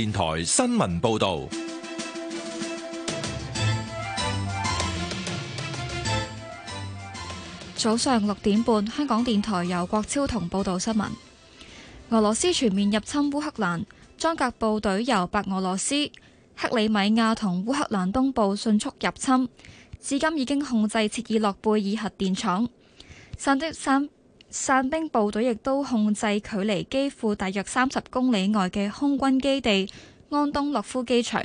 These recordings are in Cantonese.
電台新聞報道：早上六點半，香港電台由國超同報道新聞。俄羅斯全面入侵烏克蘭，裝甲部隊由白俄羅斯、克里米亞同烏克蘭東部迅速入侵，至今已經控制切爾諾貝爾核電廠。三的三。散兵部隊亦都控制距離基輔大約三十公里外嘅空軍基地安東諾夫機場。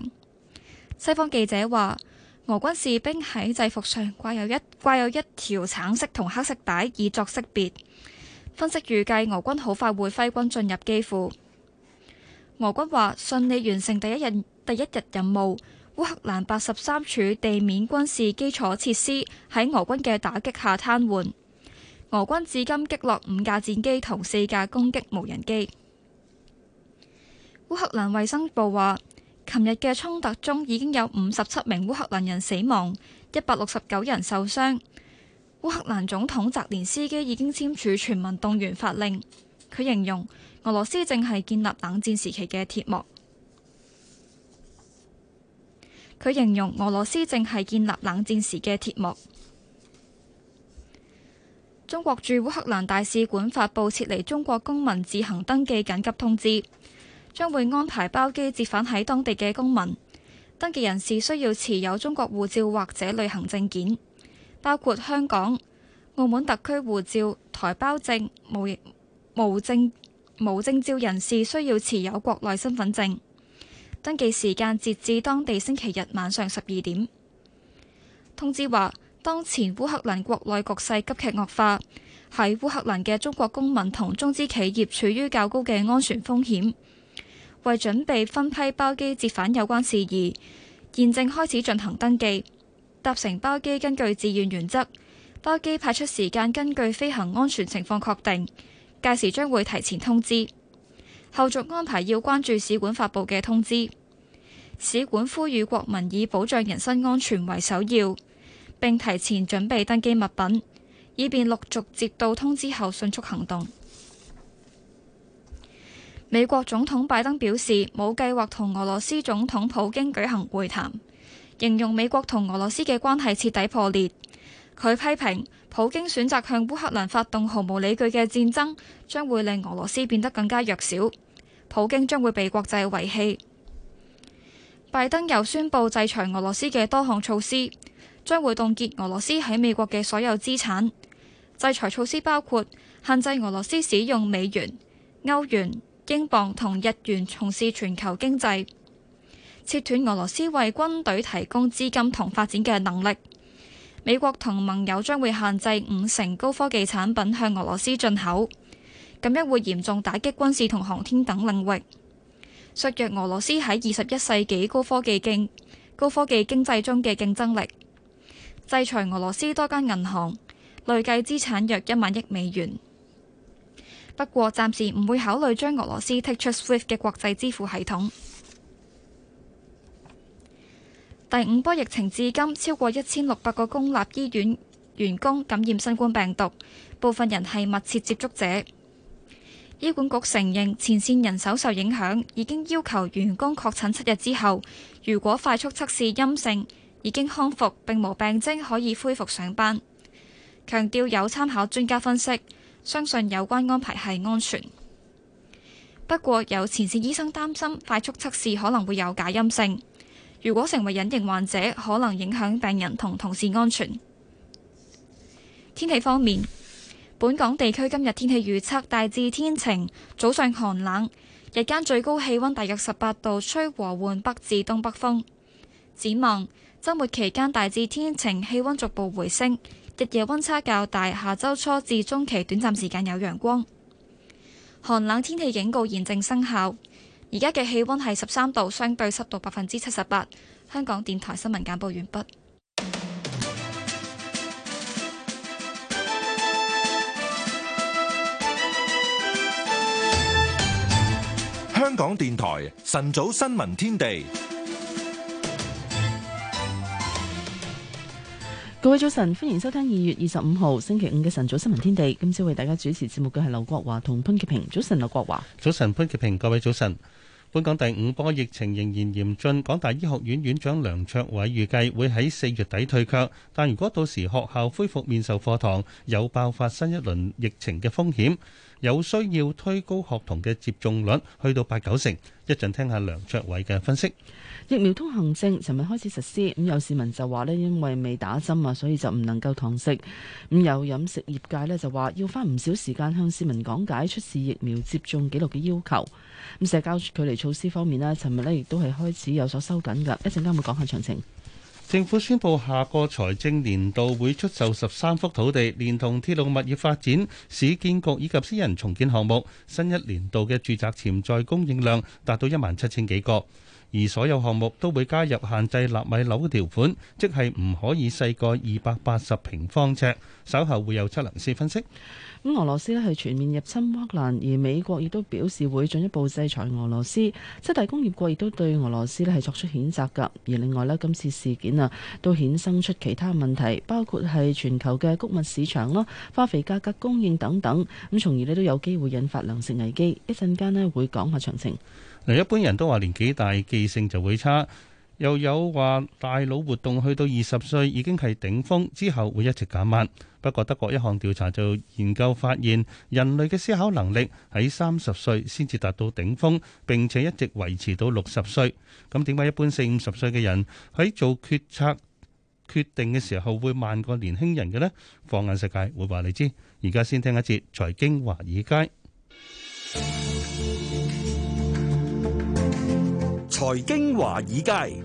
西方記者話，俄軍士兵喺制服上掛有一掛有一條橙色同黑色帶，以作識別。分析預計俄軍好快會揮軍進入基輔。俄軍話，順利完成第一日第一日任務。烏克蘭八十三處地面軍事基礎設施喺俄軍嘅打擊下癱瘓。俄軍至今擊落五架戰機，同四架攻擊無人機。烏克蘭衛生部話，琴日嘅衝突中已經有五十七名烏克蘭人死亡，一百六十九人受傷。烏克蘭總統澤連斯基已經簽署全民動員法令。佢形容俄羅斯正係建立冷戰時期嘅鐵幕。佢形容俄羅斯正係建立冷戰時嘅鐵幕。中國駐烏克蘭大使館發布撤離中國公民自行登記緊急通知，將會安排包機接返喺當地嘅公民。登記人士需要持有中國護照或者旅行證件，包括香港、澳門特區護照、台胞證、無無證無證照人士需要持有國內身份證。登記時間截至當地星期日晚上十二點。通知話。當前烏克蘭國內局勢急劇惡化，喺烏克蘭嘅中國公民同中資企業處於較高嘅安全風險。為準備分批包機接返有關事宜，現正開始進行登記。搭乘包機根據自願原則，包機派出時間根據飛行安全情況確定，屆時將會提前通知。後續安排要關注使館發布嘅通知。使館呼籲國民以保障人身安全為首要。並提前準備登機物品，以便陸續接到通知後迅速行動。美國總統拜登表示，冇計劃同俄羅斯總統普京舉行會談，形容美國同俄羅斯嘅關係徹底破裂。佢批評普京選擇向烏克蘭發動毫無理據嘅戰爭，將會令俄羅斯變得更加弱小，普京將會被國際遺棄。拜登又宣布制裁俄羅斯嘅多項措施。將會凍結俄羅斯喺美國嘅所有資產，制裁措施包括限制俄羅斯使用美元、歐元、英鎊同日元從事全球經濟，切斷俄羅斯為軍隊提供資金同發展嘅能力。美國同盟友將會限制五成高科技產品向俄羅斯進口，咁樣會嚴重打擊軍事同航天等領域，削弱俄羅斯喺二十一世紀高，高科技經高科技經濟中嘅競爭力。制裁俄羅斯多間銀行，累計資產約一萬億美元。不過，暫時唔會考慮將俄羅斯剔出 Swift 嘅國際支付系統。第五波疫情至今，超過一千六百個公立醫院員工感染新冠病毒，部分人係密切接觸者。醫管局承認前線人手受影響，已經要求員工確診七日之後，如果快速測試陰性。已經康復並無病徵，可以恢復上班。強調有參考專家分析，相信有關安排係安全。不過有前線醫生擔心快速測試可能會有假陰性，如果成為隱形患者，可能影響病人同同事安全。天氣方面，本港地區今日天氣預測大致天晴，早上寒冷，日間最高氣温大約十八度，吹和緩北至東北風。展望，週末期間大致天晴，氣溫逐步回升，日夜温差較大。下周初至中期短暫時間有陽光。寒冷天氣警告現正生效。而家嘅氣溫係十三度，相對濕度百分之七十八。香港電台新聞簡報完畢。香港電台晨早新聞天地。各位早晨，歡迎收聽二月二十五號星期五嘅晨早新聞天地。今朝為大家主持節目嘅係劉國華同潘潔平。早晨，劉國華。早晨，潘潔平。各位早晨。本港第五波疫情仍然嚴峻，港大醫學院院長梁卓偉預計會喺四月底退卻，但如果到時學校恢復面授課堂，有爆發新一輪疫情嘅風險，有需要推高學童嘅接種率去到八九成。一陣聽下梁卓偉嘅分析。疫苗通行證，尋日開始實施，咁有市民就話咧，因為未打針啊，所以就唔能夠堂食。咁有飲食業界咧就話，要花唔少時間向市民講解出示疫苗接種記錄嘅要求。咁社交距離措施方面咧，尋日咧亦都係開始有所收緊㗎。一陣間會講下詳情。政府宣布下個財政年度會出售十三幅土地，連同鐵路物業發展、市建局以及私人重建項目。新一年度嘅住宅潛在供應量達到一萬七千幾個。而所有項目都會加入限制納米樓嘅條款，即係唔可以細過二百八十平方尺。稍後會有測量師分析。咁俄羅斯咧係全面入侵烏克蘭，而美國亦都表示會進一步制裁俄羅斯。七大工業國亦都對俄羅斯咧係作出譴責㗎。而另外咧，今次事件啊，都衍生出其他問題，包括係全球嘅谷物市場啦、化肥價格供應等等，咁從而咧都有機會引發糧食危機。一陣間咧會講下詳情。一般人都話年紀大記性就會差，又有話大腦活動去到二十歲已經係頂峰，之後會一直減慢。不過德國一項調查就研究發現，人類嘅思考能力喺三十歲先至達到頂峰，並且一直維持到六十歲。咁點解一般四五十歲嘅人喺做決策、決定嘅時候會慢過年輕人嘅呢？放眼世界會，會話你知。而家先聽一節財經華爾街。財經華爾街，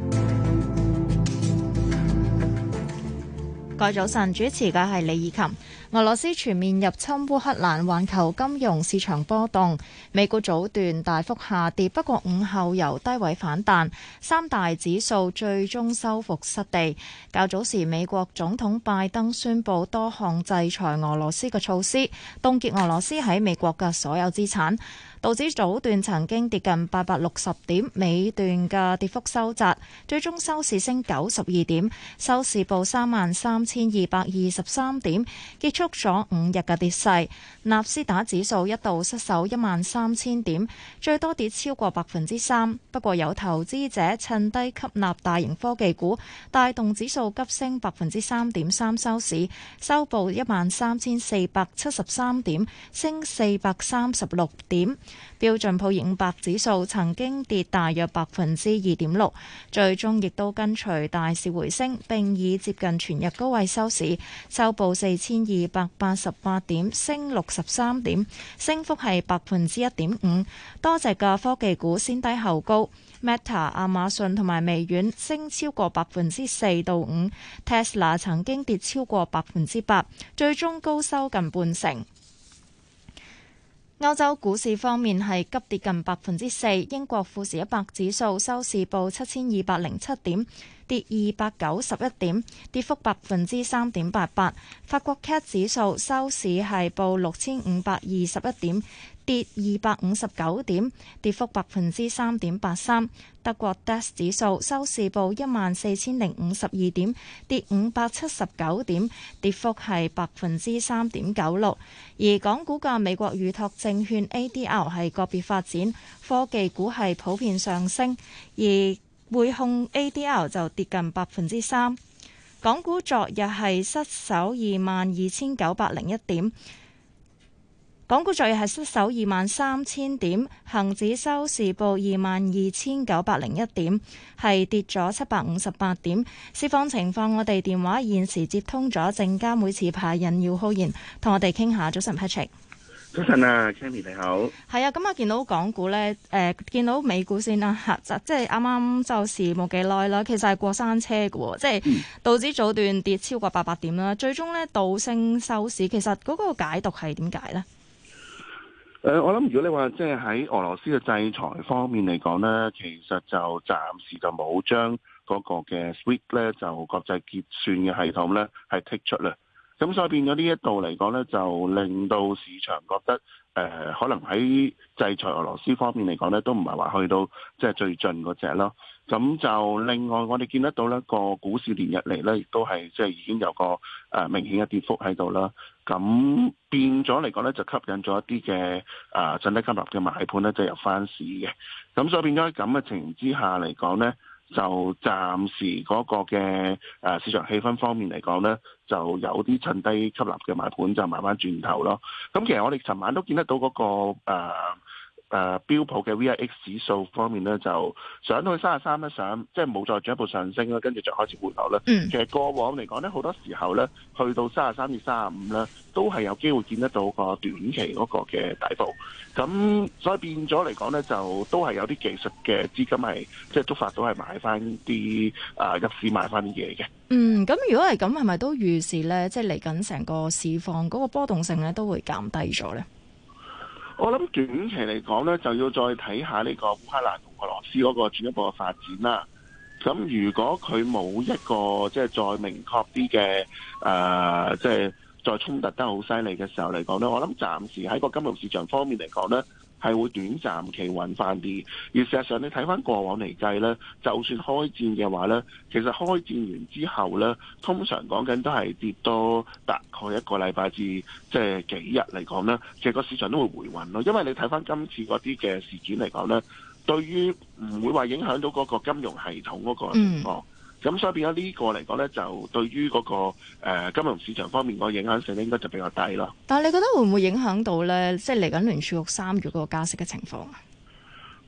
各位早晨，主持嘅係李綺琴。俄羅斯全面入侵烏克蘭，環球金融市場波動，美股早段大幅下跌，不過午後由低位反彈，三大指數最終收復失地。較早時，美國總統拜登宣布多項制裁俄羅斯嘅措施，凍結俄羅斯喺美國嘅所有資產。道指早段曾經跌近八百六十點，尾段嘅跌幅收窄，最終收市升九十二點，收市報三萬三千二百二十三點，結束咗五日嘅跌勢。納斯達指數一度失守一萬三千點，最多跌超過百分之三。不過有投資者趁低吸納大型科技股，帶動指數急升百分之三點三，收市收報一萬三千四百七十三點，升四百三十六點。標準普爾五百指數曾經跌大約百分之二點六，最終亦都跟隨大市回升，並以接近全日高位收市，收報四千二百八十八點，升六十三點，升幅係百分之一點五。多隻嘅科技股先低後高，Meta、亞馬遜同埋微軟升超過百分之四到五，Tesla 曾經跌超過百分之八，最終高收近半成。歐洲股市方面係急跌近百分之四，英國富時一百指數收市報七千二百零七點，跌二百九十一點，跌幅百分之三點八八。法國 CAC 指數收市係報六千五百二十一點，跌二百五十九點，跌幅百分之三點八三。德國 DAX 指數收市報一萬四千零五十二點，跌五百七十九點，跌幅係百分之三點九六。而港股嘅美國預託證券 ADR 係個別發展，科技股係普遍上升，而匯控 ADR 就跌近百分之三。港股昨日係失守二萬二千九百零一點。港股昨日係失守二萬三千點，恒指收市報二萬二千九百零一點，係跌咗七百五十八點。市況情況，我哋電話現時接通咗證監會持牌人姚浩然同我哋傾下。早晨，Patrick。早晨啊，Candy 你好。係啊，咁啊，見到港股咧，誒、呃，見到美股先啦嚇， 即係啱啱收市冇幾耐啦。其實係過山車嘅喎，即係道指早段跌超過八百點啦，最終咧倒升收市。其實嗰個解讀係點解咧？誒、呃，我諗如果你話，即係喺俄羅斯嘅制裁方面嚟講咧，其實就暫時就冇將嗰個嘅 SWIFT 咧就國際結算嘅系統咧係剔出啦。咁所以變咗呢一度嚟講咧，就令到市場覺得誒、呃，可能喺制裁俄羅斯方面嚟講咧，都唔係話去到即係最盡嗰隻咯。咁就另外我哋見得到咧，個股市連日嚟咧亦都係即係已經有個誒明顯嘅跌幅喺度啦。咁變咗嚟講咧，就吸引咗一啲嘅啊，趁、呃、低吸納嘅買盤咧，就入翻市嘅。咁所以變咗喺咁嘅情形之下嚟講咧，就暫時嗰個嘅啊、呃、市場氣氛方面嚟講咧，就有啲趁低吸納嘅買盤就慢慢轉頭咯。咁其實我哋尋晚都見得到嗰、那個、呃誒、呃、標普嘅 VIX 指數方面咧，就上到去三十三咧上，即係冇再進一步上升啦，跟住就開始回落啦。嗯、其實過往嚟講咧，好多時候咧，去到三十三至三十五咧，都係有機會見得到個短期嗰個嘅底部。咁所以變咗嚟講咧，就都係有啲技術嘅資金係即係觸發到係買翻啲誒入市買翻啲嘢嘅。嗯，咁如果係咁，係咪都預示咧，即係嚟緊成個市況嗰、那個波動性咧，都會減低咗咧？我諗短期嚟講咧，就要再睇下呢個烏克蘭同俄羅斯嗰個進一步嘅發展啦。咁如果佢冇一個即係、就是、再明確啲嘅，誒、呃，即、就、係、是、再衝突得好犀利嘅時候嚟講咧，我諗暫時喺個金融市場方面嚟講咧，係會短暫企穩翻啲，而事實上你睇翻過往嚟計呢，就算開戰嘅話呢，其實開戰完之後呢，通常講緊都係跌多大概一個禮拜至即係幾日嚟講呢，即係個市場都會回穩咯。因為你睇翻今次嗰啲嘅事件嚟講呢，對於唔會話影響到嗰個金融系統嗰個情況。嗯咁所以變咗呢個嚟講咧，就對於嗰個誒金融市場方面個影響性咧，應該就比較低咯。但係你覺得會唔會影響到咧？即係嚟緊聯儲局三月嗰個加息嘅情況？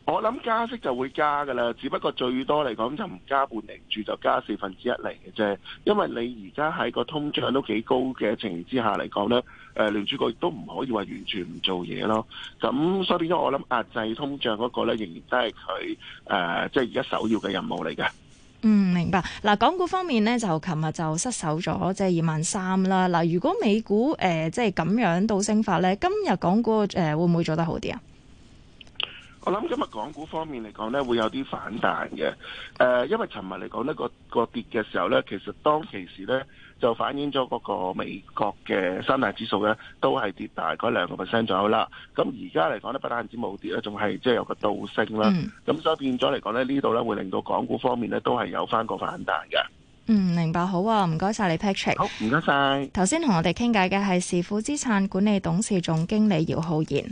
我諗加息就會加噶啦，只不過最多嚟講就唔加半釐住就加四分之一嚟嘅啫。因為你而家喺個通脹都幾高嘅情形之下嚟講咧，誒聯儲局亦都唔可以話完全唔做嘢咯。咁所以變咗，我諗壓制通脹嗰個咧，仍然都係佢誒即係而家首要嘅任務嚟嘅。嗯，明白。嗱，港股方面呢，就琴日就失守咗，即係二萬三啦。嗱，如果美股誒、呃、即係咁樣倒升法呢，今日港股誒、呃、會唔會做得好啲啊？我諗今日港股方面嚟講呢，會有啲反彈嘅。誒、呃，因為尋日嚟講呢個個跌嘅時候呢，其實當其時呢，就反映咗嗰個美國嘅三大指數咧，都係跌大概兩個 percent 左右啦。咁而家嚟講咧，不單止冇跌咧，仲係即係有個倒升啦。咁所以變咗嚟講咧，呢度咧會令到港股方面咧都係有翻個反彈嘅。嗯，明白，好啊，唔該晒你 Patrick。好，唔該晒。頭先同我哋傾偈嘅係時富資產管理董事總經理姚浩然。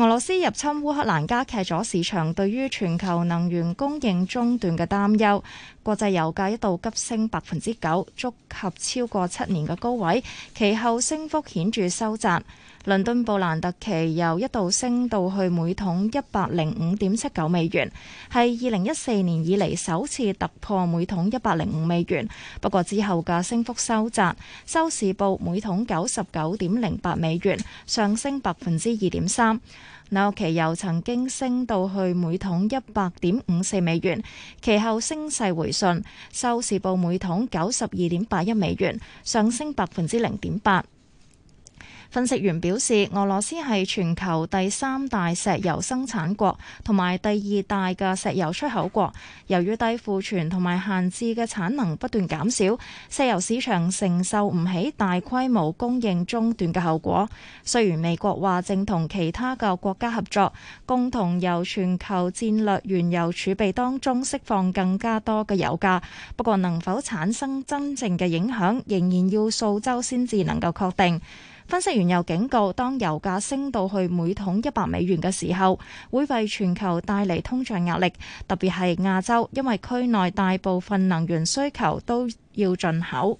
俄羅斯入侵烏克蘭，加劇咗市場對於全球能源供應中斷嘅擔憂。國際油價一度急升百分之九，觸及超過七年嘅高位，其後升幅顯著收窄。倫敦布蘭特期油一度升到去每桶一百零五點七九美元，係二零一四年以嚟首次突破每桶一百零五美元。不過之後嘅升幅收窄，收市報每桶九十九點零八美元，上升百分之二點三。紐期油曾經升到去每桶一百點五四美元，其後升勢回順，收市報每桶九十二點八一美元，上升百分之零點八。分析員表示，俄羅斯係全球第三大石油生產國，同埋第二大嘅石油出口國。由於低庫存同埋限制嘅產能不斷減少，石油市場承受唔起大規模供應中斷嘅後果。雖然美國話正同其他嘅國家合作，共同由全球戰略原油儲備當中釋放更加多嘅油價，不過能否產生真正嘅影響，仍然要數週先至能夠確定。分析員又警告，當油價升到去每桶一百美元嘅時候，會為全球帶嚟通脹壓力，特別係亞洲，因為區內大部分能源需求都要進口。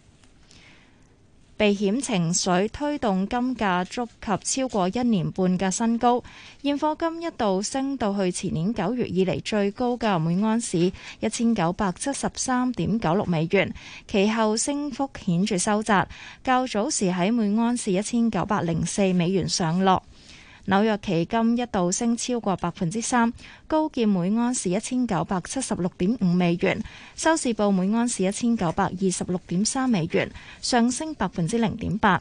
避險情緒推動金價觸及超過一年半嘅新高，現貨金一度升到去前年九月以嚟最高嘅每安士一千九百七十三點九六美元，其後升幅顯著收窄，較早時喺每安士一千九百零四美元上落。紐約期金一度升超過百分之三，高見每盎司一千九百七十六點五美元，收市報每盎司一千九百二十六點三美元，上升百分之零點八。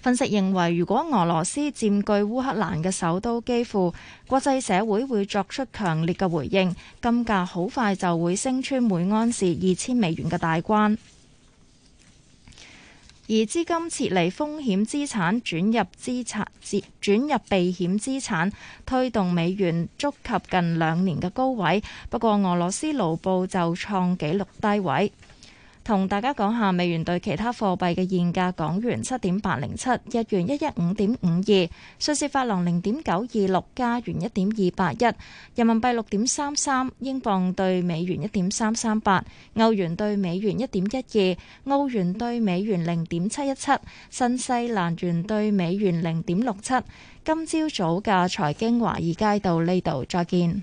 分析認為，如果俄羅斯佔據烏克蘭嘅首都，幾乎國際社會會作出強烈嘅回應，金價好快就會升穿每盎司二千美元嘅大關。而資金撤離風險資產，轉入資產、轉入避險資產，推動美元觸及近兩年嘅高位。不過，俄羅斯盧布就創紀錄低位。同大家講下美元對其他貨幣嘅現價：港元七點八零七，日元一一五點五二，瑞士法郎零點九二六，加元一點二八一，人民幣六點三三，英鎊對美元一點三三八，歐元對美元一點一二，澳元對美元零點七一七，新西蘭元對美元零點六七。今朝早嘅財經華爾街到呢度，再見。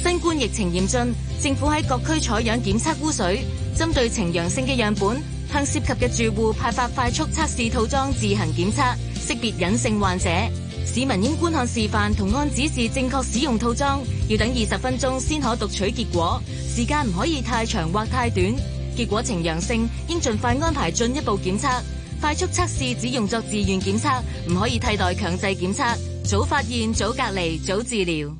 新冠疫情嚴峻，政府喺各區採樣檢測污水，針對呈陽性嘅樣本，向涉及嘅住戶派發快速測試套裝自行檢測，識別隱性患者。市民應觀看示範同按指示正確使用套裝，要等二十分鐘先可讀取結果，時間唔可以太長或太短。結果呈陽性，應盡快安排進一步檢測。快速測試只用作自願檢測，唔可以替代強制檢測。早發現，早隔離，早治療。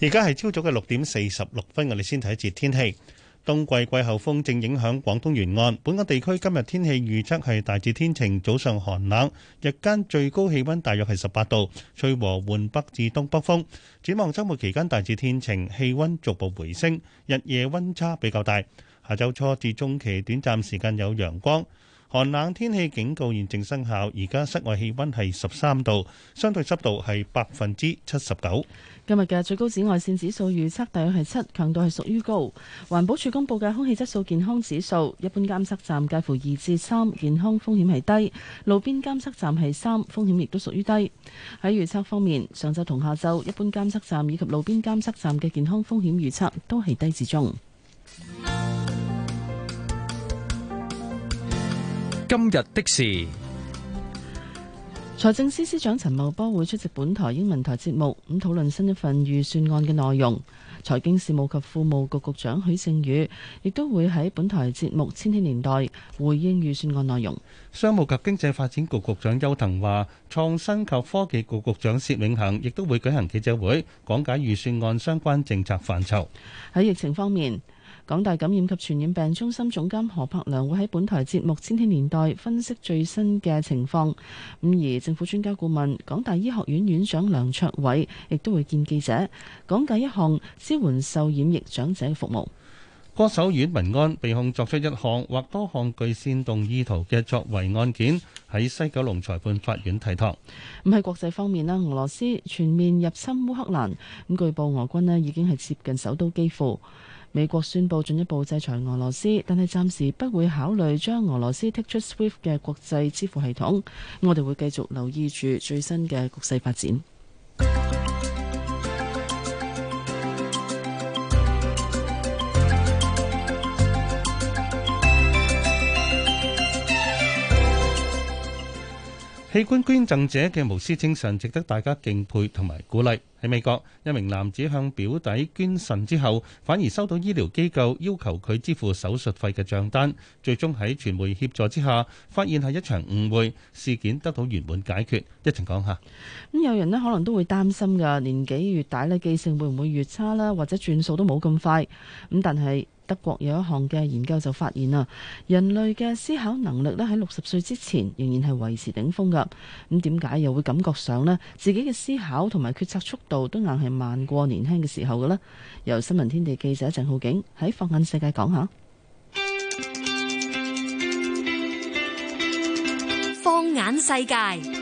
而家係朝早嘅六點四十六分，我哋先睇一節天氣。冬季季候風正影響廣東沿岸，本港地區今日天氣預測係大致天晴，早上寒冷，日間最高氣溫大約係十八度，吹和緩北至東北風。展望週末期間大致天晴，氣溫逐步回升，日夜溫差比較大。下週初至中期短暫時間有陽光。寒冷天氣警告現正生效，而家室外氣温係十三度，相對濕度係百分之七十九。今日嘅最高紫外線指數預測大約係七，強度係屬於高。環保署公布嘅空氣質素健康指數，一般監測站介乎二至三，健康風險係低；路邊監測站係三，風險亦都屬於低。喺預測方面，上晝同下晝，一般監測站以及路邊監測站嘅健康風險預測都係低至中。今日的事，財政司司長陳茂波會出席本台英文台節目，咁討論新一份預算案嘅內容。財經事務及庫務局局長許正宇亦都會喺本台節目《千禧年代》回應預算案內容。商務及經濟發展局局長邱騰華、創新及科技局局長薛永恒亦都會舉行記者會，講解預算案相關政策範疇。喺疫情方面。港大感染及傳染病中心總監何柏良會喺本台節目《千禧年代》分析最新嘅情況。咁而政府專家顧問港大醫學院院長梁卓偉亦都會見記者，講解一項支援受染疫長者嘅服務。歌手阮民安被控作出一項或多項具煽動意圖嘅作為案件，喺西九龍裁判法院提堂。咁喺國際方面呢，俄羅斯全面入侵烏克蘭，咁據報俄軍咧，已經係接近首都基輔。美國宣布進一步制裁俄羅斯，但係暫時不會考慮將俄羅斯剔出 SWIFT 嘅國際支付系統。我哋會繼續留意住最新嘅局勢發展。器官捐贈者嘅無私精神值得大家敬佩同埋鼓勵。喺美國，一名男子向表弟捐腎之後，反而收到醫療機構要求佢支付手術費嘅賬單。最終喺傳媒協助之下，發現係一場誤會事件，得到圓滿解決。一婷講下，咁，有人呢可能都會擔心噶，年紀越大呢，記性會唔會越差啦，或者轉數都冇咁快咁，但係。德國有一項嘅研究就發現啦，人類嘅思考能力呢喺六十歲之前仍然係維持頂峰噶。咁點解又會感覺上呢自己嘅思考同埋決策速度都硬係慢過年輕嘅時候嘅呢？由新聞天地記者鄭浩景喺放眼世界講下。放眼世界。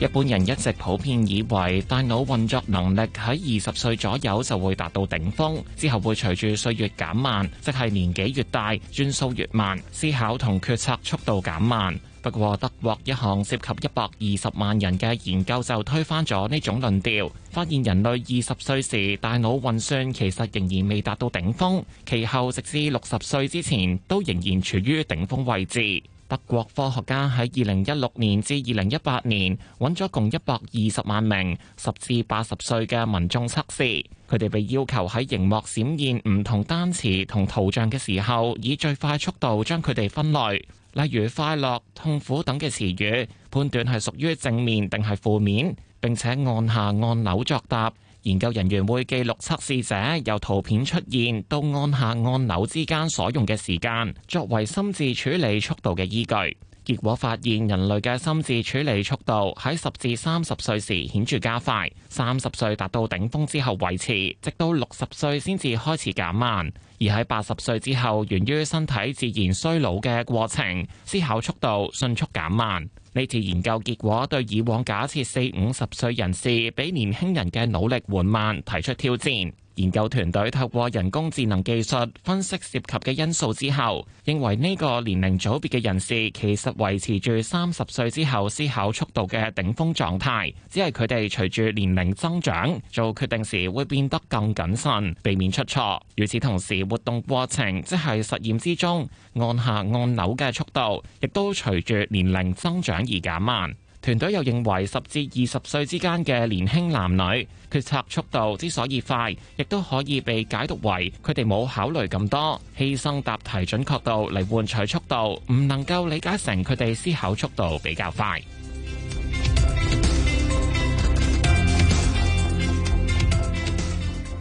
一般人一直普遍以為大腦運作能力喺二十歲左右就會達到頂峰，之後會隨住歲月減慢，即係年紀越大，轉數越慢，思考同決策速度減慢。不過，德國一項涉及一百二十萬人嘅研究就推翻咗呢種論調，發現人類二十歲時大腦運算其實仍然未達到頂峰，其後直至六十歲之前都仍然處於頂峰位置。德國科學家喺二零一六年至二零一八年揾咗共一百二十萬名十至八十歲嘅民眾測試，佢哋被要求喺熒幕閃現唔同單詞同圖像嘅時候，以最快速度將佢哋分類，例如快樂、痛苦等嘅詞語，判斷係屬於正面定係負面，並且按下按鈕作答。研究人員會記錄測試者由圖片出現到按下按鈕之間所用嘅時間，作為心智處理速度嘅依據。結果發現人類嘅心智處理速度喺十至三十歲時顯著加快，三十歲達到頂峰之後維持，直到六十歲先至開始減慢。而喺八十歲之後，源於身體自然衰老嘅過程，思考速度迅速減慢。呢次研究結果對以往假設四五十歲人士比年輕人嘅腦力緩慢提出挑戰。研究團隊透過人工智能技術分析涉及嘅因素之後，認為呢個年齡組別嘅人士其實維持住三十歲之後思考速度嘅頂峰狀態，只係佢哋隨住年齡增長，做決定時會變得更謹慎，避免出錯。與此同時，活動過程即係實驗之中按下按鈕嘅速度，亦都隨住年齡增長而減慢。團隊又認為，十至二十歲之間嘅年輕男女，決策速度之所以快，亦都可以被解讀為佢哋冇考慮咁多，犧牲答題準確度嚟換取速度，唔能夠理解成佢哋思考速度比較快。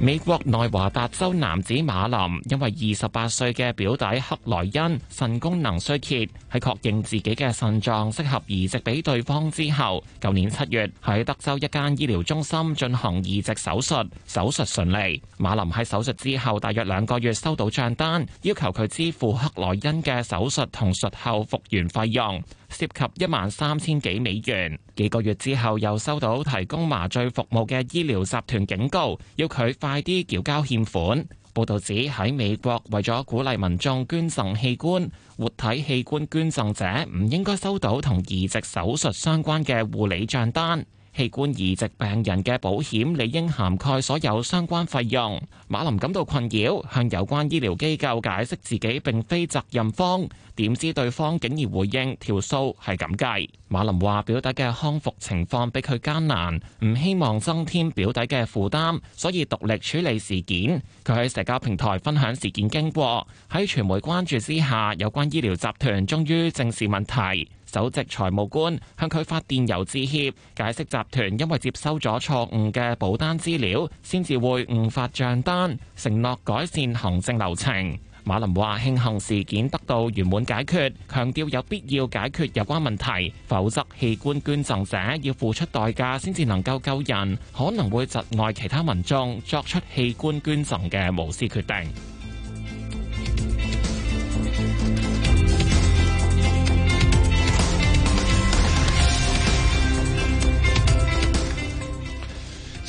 美國內華達州男子馬林因為二十八歲嘅表弟克萊恩腎功能衰竭，喺確認自己嘅腎臟適合移植俾對方之後，舊年七月喺德州一間醫療中心進行移植手術，手術順利。馬林喺手術之後大約兩個月收到賬單，要求佢支付克萊恩嘅手術同術後復原費用。涉及一萬三千幾美元。幾個月之後，又收到提供麻醉服務嘅醫療集團警告，要佢快啲繳交欠款。報道指喺美國為咗鼓勵民眾捐贈器官，活體器官捐贈者唔應該收到同移植手術相關嘅護理賬單。器官移植病人嘅保險理應涵蓋所有相關費用。馬林感到困擾，向有關醫療機構解釋自己並非責任方。點知對方竟然回應條數係咁計？馬林話表弟嘅康復情況比佢艱難，唔希望增添表弟嘅負擔，所以獨立處理事件。佢喺社交平台分享事件經過。喺傳媒關注之下，有關醫療集團終於正視問題。首席財務官向佢發電郵致歉，解釋集團因為接收咗錯誤嘅保單資料，先至會誤發賬單，承諾改善行政流程。馬林話：慶幸事件得到圓滿解決，強調有必要解決有關問題，否則器官捐贈者要付出代價先至能夠救人，可能會窒礙其他民眾作出器官捐贈嘅無私決定。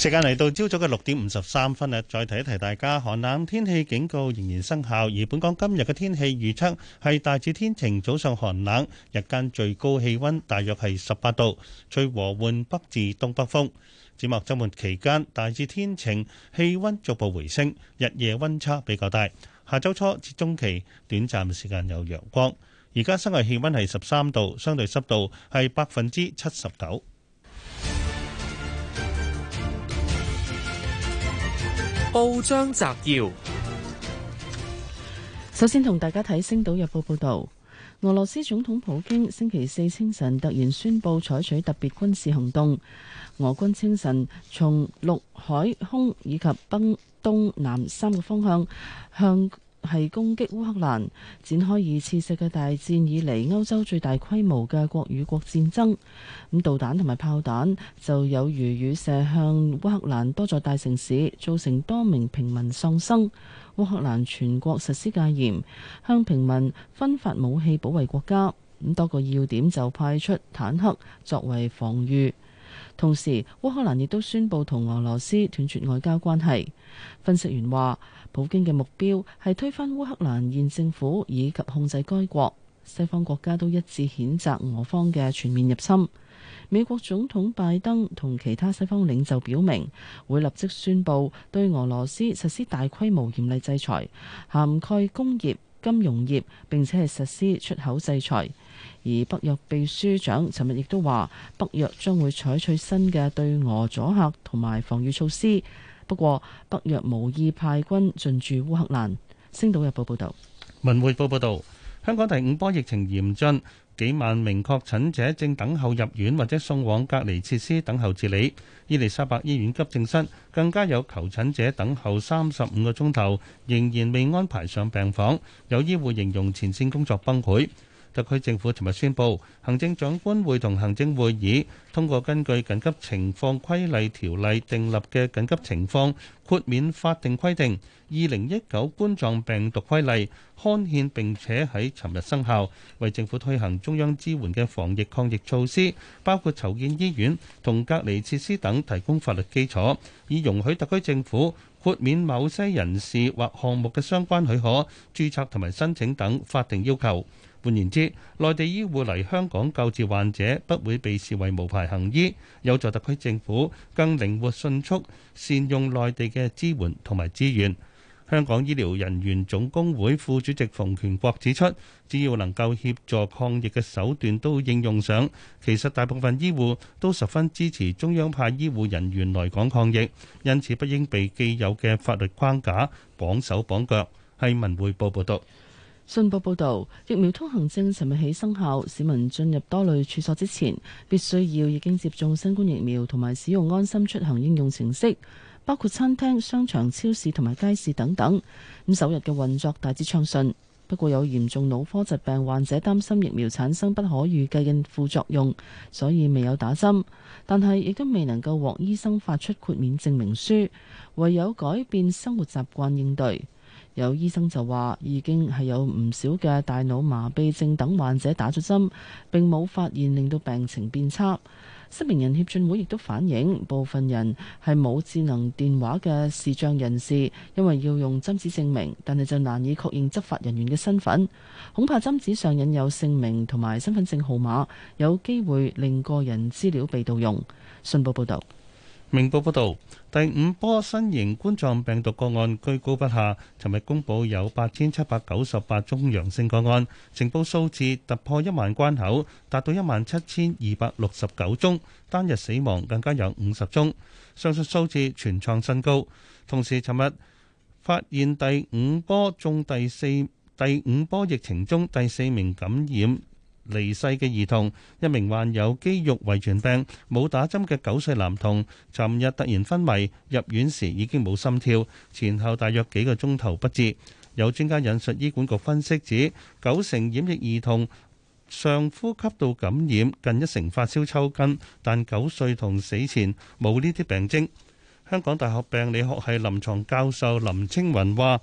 時間嚟到朝早嘅六點五十三分啦，再提一提大家，寒冷天氣警告仍然生效，而本港今日嘅天氣預測係大致天晴，早上寒冷，日間最高氣温大約係十八度，吹和緩北至東北風。展望週末期間，大致天晴，氣温逐步回升，日夜温差比較大。下周初至中期，短暫時間有陽光。而家室外氣温係十三度，相對濕度係百分之七十九。報章摘要：首先同大家睇《星島日報》報道，俄羅斯總統普京星期四清晨突然宣布採取特別軍事行動，俄軍清晨從陸、海、空以及北、東、南三個方向向。係攻擊烏克蘭展開二次世界大戰以嚟，歐洲最大規模嘅國與國戰爭咁，導彈同埋炮彈就有如雨射向烏克蘭多座大城市，造成多名平民喪生。烏克蘭全國實施戒嚴，向平民分發武器保衛國家咁，多個要點就派出坦克作為防禦。同時，烏克蘭亦都宣布同俄羅斯斷絕外交關係。分析員話，普京嘅目標係推翻烏克蘭現政府以及控制該國。西方國家都一致譴責俄方嘅全面入侵。美國總統拜登同其他西方領袖表明，會立即宣布對俄羅斯實施大規模嚴厲制裁，涵蓋工業、金融業，並且實施出口制裁。而北約秘書長尋日亦都話，北約將會採取新嘅對俄阻嚇同埋防禦措施。不過，北約無意派軍進駐烏克蘭。星島日報報道。文匯報報道，香港第五波疫情嚴峻，幾萬名確診者正等候入院或者送往隔離設施等候治理。伊利沙伯醫院急症室更加有求診者等候三十五個鐘頭，仍然未安排上病房。有醫護形容前綫工作崩潰。特區政府尋日宣布，行政長官會同行政會議通過根據《緊急情況規例條例》訂立嘅緊急情況豁免法定規定，《二零一九冠狀病毒規例》刊憲並且喺尋日生效，為政府推行中央支援嘅防疫抗疫措施，包括籌建醫院同隔離設施等，提供法律基礎，以容許特區政府豁免某些人士或項目嘅相關許可、註冊同埋申請等法定要求。換言之，內地醫護嚟香港救治患者不會被視為無牌行醫，有助特區政府更靈活迅速善用內地嘅支援同埋資源。香港醫療人員總工會副主席馮權國指出，只要能夠協助抗疫嘅手段都應用上，其實大部分醫護都十分支持中央派醫護人員來港抗疫，因此不應被既有嘅法律框架綁手綁腳。係文匯報報道。信報報導，疫苗通行證尋日起生效，市民進入多類處所之前，必須要已經接種新冠疫苗同埋使用安心出行應用程式，包括餐廳、商場、超市同埋街市等等。咁首日嘅運作大致暢順，不過有嚴重腦科疾病患者擔心疫苗產生不可預計嘅副作用，所以未有打針，但係亦都未能夠獲醫生發出豁免證明書，唯有改變生活習慣應對。有醫生就話，已經係有唔少嘅大腦麻痹症等患者打咗針，並冇發現令到病情變差。失明人協進會亦都反映，部分人係冇智能電話嘅視障人士，因為要用針紙證明，但係就難以確認執法人員嘅身份，恐怕針紙上印有姓名同埋身份證號碼，有機會令個人資料被盜用。信報報道。明報報導。第五波新型冠狀病毒個案居高不下，尋日公布有八千七百九十八宗陽性個案，呈報數字突破一萬關口，達到一萬七千二百六十九宗，單日死亡更加有五十宗，上述數字全創新高。同時尋日發現第五波中第四第五波疫情中第四名感染離世嘅兒童，一名患有肌肉遺傳病、冇打針嘅九歲男童，尋日突然昏迷，入院時已經冇心跳，前後大約幾個鐘頭不治。有專家引述醫管局分析指，九成染疫兒童上呼吸道感染，近一成發燒抽筋，但九歲童死前冇呢啲病徵。香港大學病理學系臨床教授林青雲話。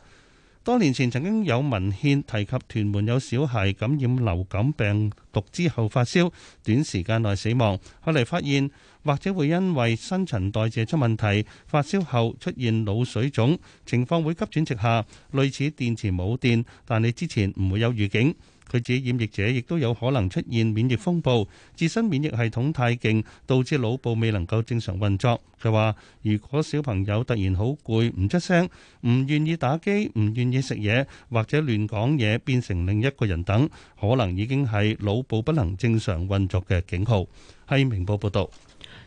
多年前曾經有文獻提及屯門有小孩感染流感病毒之後發燒，短時間內死亡。後嚟發現，或者會因為新陳代謝出問題，發燒後出現腦水腫，情況會急轉直下，類似電池冇電，但你之前唔會有預警。佢指染疫者亦都有可能出現免疫風暴，自身免疫系統太勁，導致腦部未能夠正常運作。佢話：如果小朋友突然好攰、唔出聲、唔願意打機、唔願意食嘢，或者亂講嘢，變成另一個人等，可能已經係腦部不能正常運作嘅警號。係明報報道。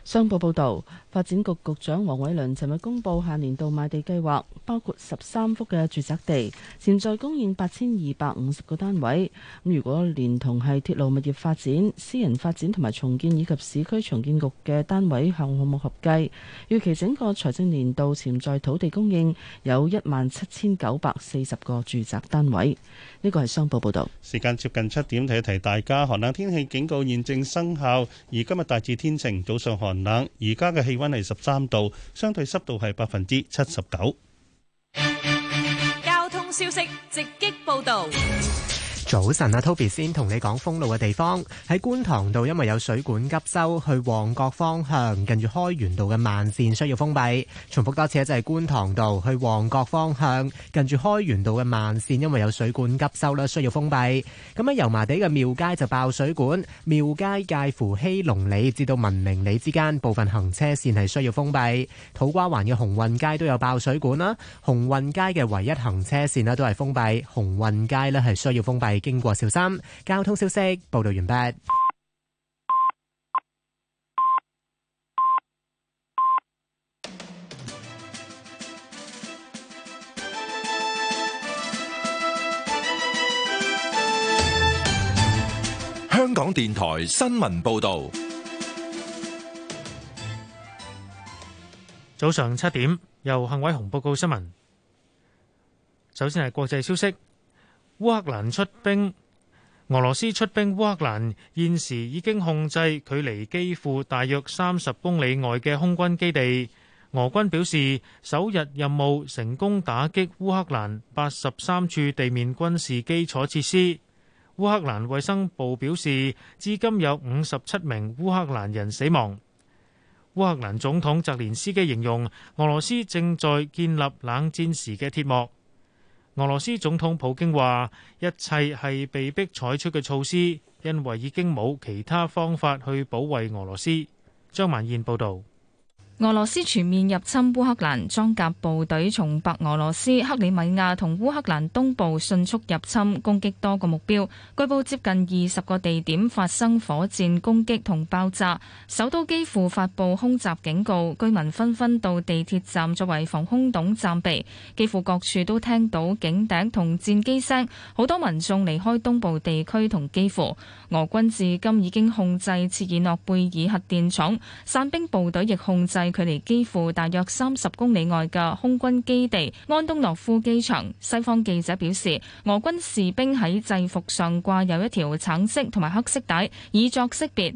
商報報道，發展局局長黃偉綸尋日公布下年度賣地計劃，包括十三幅嘅住宅地，潛在供應八千二百五十個單位。咁如果連同係鐵路物業發展、私人發展同埋重建以及市區重建局嘅單位項目合計，預期整個財政年度潛在土地供應有一萬七千九百四十個住宅單位。呢個係商報報道。時間接近七點，提一提大家，寒冷天氣警告現正生效，而今日大致天晴，早上寒。寒冷，而家嘅氣溫係十三度，相對濕度係百分之七十九。交通消息，直擊報道。早晨啊，Toby 先同你講封路嘅地方喺觀塘道，因為有水管急修，去旺角方向近住開源道嘅慢綫需要封閉。重複多次，就係觀塘道去旺角方向近住開源道嘅慢綫，因為有水管急修咧，需要封閉。咁喺油麻地嘅廟街就爆水管，廟街介乎熙龍里至到文明里之間部分行車綫係需要封閉。土瓜灣嘅鴻運街都有爆水管啦，鴻運街嘅唯一行車綫咧都係封閉，鴻運街咧係需要封閉。經過小心交通消息，報道完畢。香港電台新聞報道，早上七點，由幸偉雄報告新聞。首先係國際消息。烏克蘭出兵，俄羅斯出兵烏克蘭。烏克蘭現時已經控制距離基輔大約三十公里外嘅空軍基地。俄軍表示，首日任務成功打擊烏克蘭八十三處地面軍事基礎設施。烏克蘭衛生部表示，至今有五十七名烏克蘭人死亡。烏克蘭總統澤連斯基形容，俄羅斯正在建立冷戰時嘅鐵幕。俄羅斯總統普京話：一切係被逼採取嘅措施，因為已經冇其他方法去保衛俄羅斯。張萬燕報導。俄羅斯全面入侵烏克蘭，裝甲部隊從白俄羅斯、克里米亞同烏克蘭東部迅速入侵，攻擊多個目標。據報接近二十個地點發生火箭攻擊同爆炸，首都基輔發佈空襲警告，居民紛紛到地鐵站作為防空洞暫避。基輔各處都聽到警笛同戰機聲，好多民眾離開東部地區同基輔。俄軍至今已經控制切爾諾貝爾核電廠，傘兵部隊亦控制。距離基輔大約三十公里外嘅空軍基地安東諾夫機場，西方記者表示，俄軍士兵喺制服上掛有一條橙色同埋黑色帶，以作識別。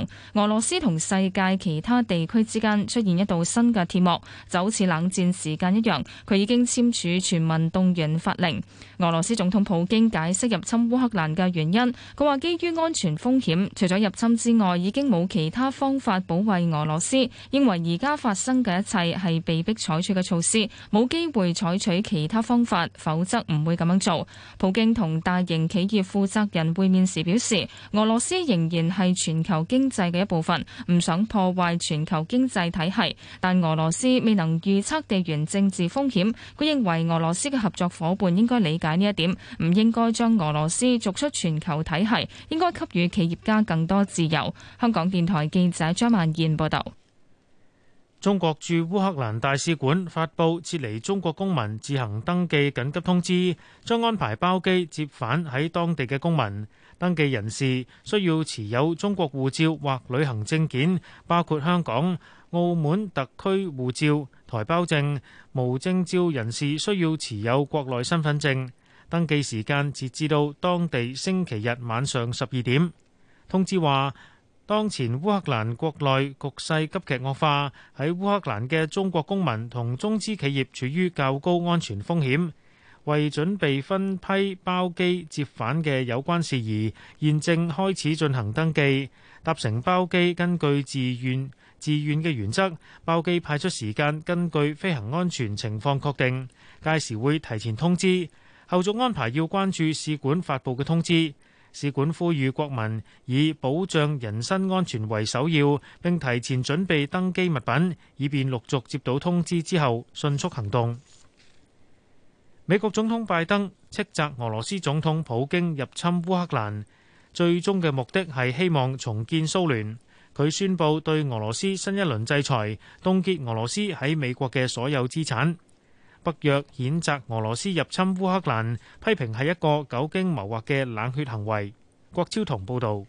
俄羅斯同世界其他地區之間出現一道新嘅鐵幕，就好似冷戰時間一樣，佢已經簽署全民動員法令。俄羅斯總統普京解釋入侵烏克蘭嘅原因，佢話基於安全風險，除咗入侵之外，已經冇其他方法保衛俄羅斯。認為而家發生嘅一切係被迫採取嘅措施，冇機會採取其他方法，否則唔會咁樣做。普京同大型企業負責人會面時表示，俄羅斯仍然係全球經濟嘅一部分，唔想破壞全球經濟體系，但俄羅斯未能預測地緣政治風險。佢認為俄羅斯嘅合作伙伴應該理解。喺呢一點，唔應該將俄羅斯逐出全球體系，應該給予企業家更多自由。香港電台記者張曼燕報道。中國駐烏克蘭大使館發佈撤離中國公民自行登記緊急通知，將安排包機接返喺當地嘅公民。登記人士需要持有中國護照或旅行證件，包括香港、澳門特區護照、台胞證。無證照人士需要持有國內身份證。登記時間截至到當地星期日晚上十二點。通知話，當前烏克蘭國內局勢急劇惡化，喺烏克蘭嘅中國公民同中資企業處於較高安全風險。為準備分批包機接返嘅有關事宜，現正開始進行登記。搭乘包機根據自願自願嘅原則，包機派出時間根據飛行安全情況確定，屆時會提前通知。後續安排要關注使館發布嘅通知。使館呼籲國民以保障人身安全為首要，並提前準備登機物品，以便陸續接到通知之後迅速行動。美國總統拜登斥責俄羅斯總統普京入侵烏克蘭，最終嘅目的係希望重建蘇聯。佢宣布對俄羅斯新一輪制裁，凍結俄羅斯喺美國嘅所有資產。北約譴責俄羅斯入侵烏克蘭，批評係一個久經謀劃嘅冷血行為。郭超同報道。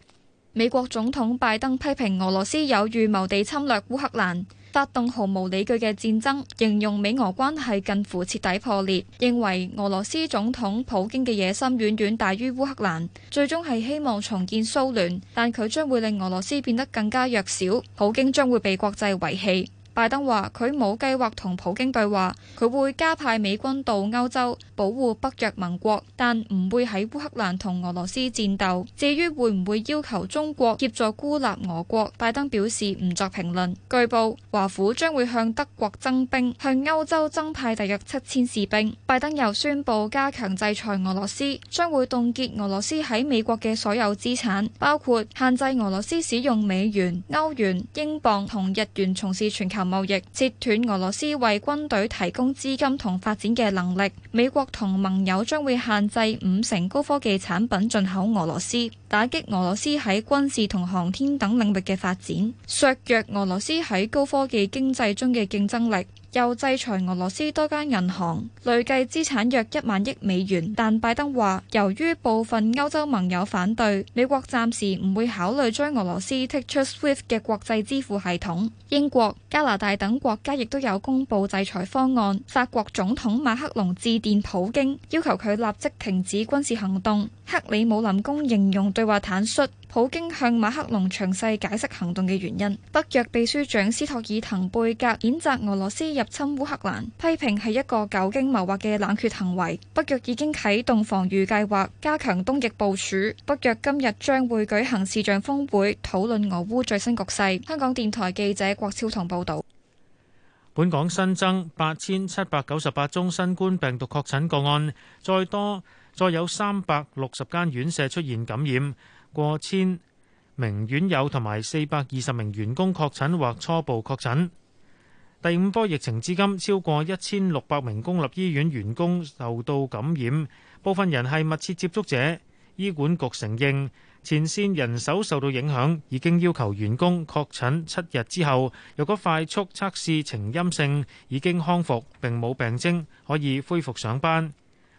美國總統拜登批評俄羅斯有預謀地侵略烏克蘭，發動毫無理據嘅戰爭，形容美俄關係近乎徹底破裂，認為俄羅斯總統普京嘅野心遠遠大於烏克蘭，最終係希望重建蘇聯，但佢將會令俄羅斯變得更加弱小，普京將會被國際遺棄。拜登話佢冇計劃同普京對話，佢會加派美軍到歐洲保護北約盟國，但唔會喺烏克蘭同俄羅斯戰鬥。至於會唔會要求中國協助孤立俄國，拜登表示唔作評論。據報華府將會向德國增兵，向歐洲增派大約七千士兵。拜登又宣布加強制裁俄羅斯，將會凍結俄羅斯喺美國嘅所有資產，包括限制俄羅斯使用美元、歐元、英鎊同日元從事全球。貿易，切斷俄羅斯為軍隊提供資金同發展嘅能力，美國同盟友將會限制五成高科技產品進口俄羅斯，打擊俄羅斯喺軍事同航天等領域嘅發展，削弱俄羅斯喺高科技經濟中嘅競爭力。又制裁俄羅斯多間銀行，累計資產約一萬億美元。但拜登話，由於部分歐洲盟友反對，美國暫時唔會考慮將俄羅斯剔出 SWIFT 嘅國際支付系統，英國、加拿大等國家亦都有公布製裁方案。法國總統馬克龍致電普京，要求佢立即停止軍事行動。克里姆林宮形容對話坦率，普京向馬克龍詳細解釋行動嘅原因。北約秘書長斯托爾滕貝格譴責俄羅斯入侵烏克蘭，批評係一個久經謀劃嘅冷血行為。北約已經啟動防禦計劃，加強東翼部署。北約今日將會舉行視像峰會，討論俄烏最新局勢。香港電台記者郭超棠報道。本港新增八千七百九十八宗新冠病毒確診個案，再多。再有三百六十間院舍出現感染，過千名院友同埋四百二十名員工確診或初步確診。第五波疫情至今，超過一千六百名公立醫院員工受到感染，部分人係密切接觸者。醫管局承認前線人手受到影響，已經要求員工確診七日之後，若果快速測試呈陰性，已經康復並冇病徵，可以恢復上班。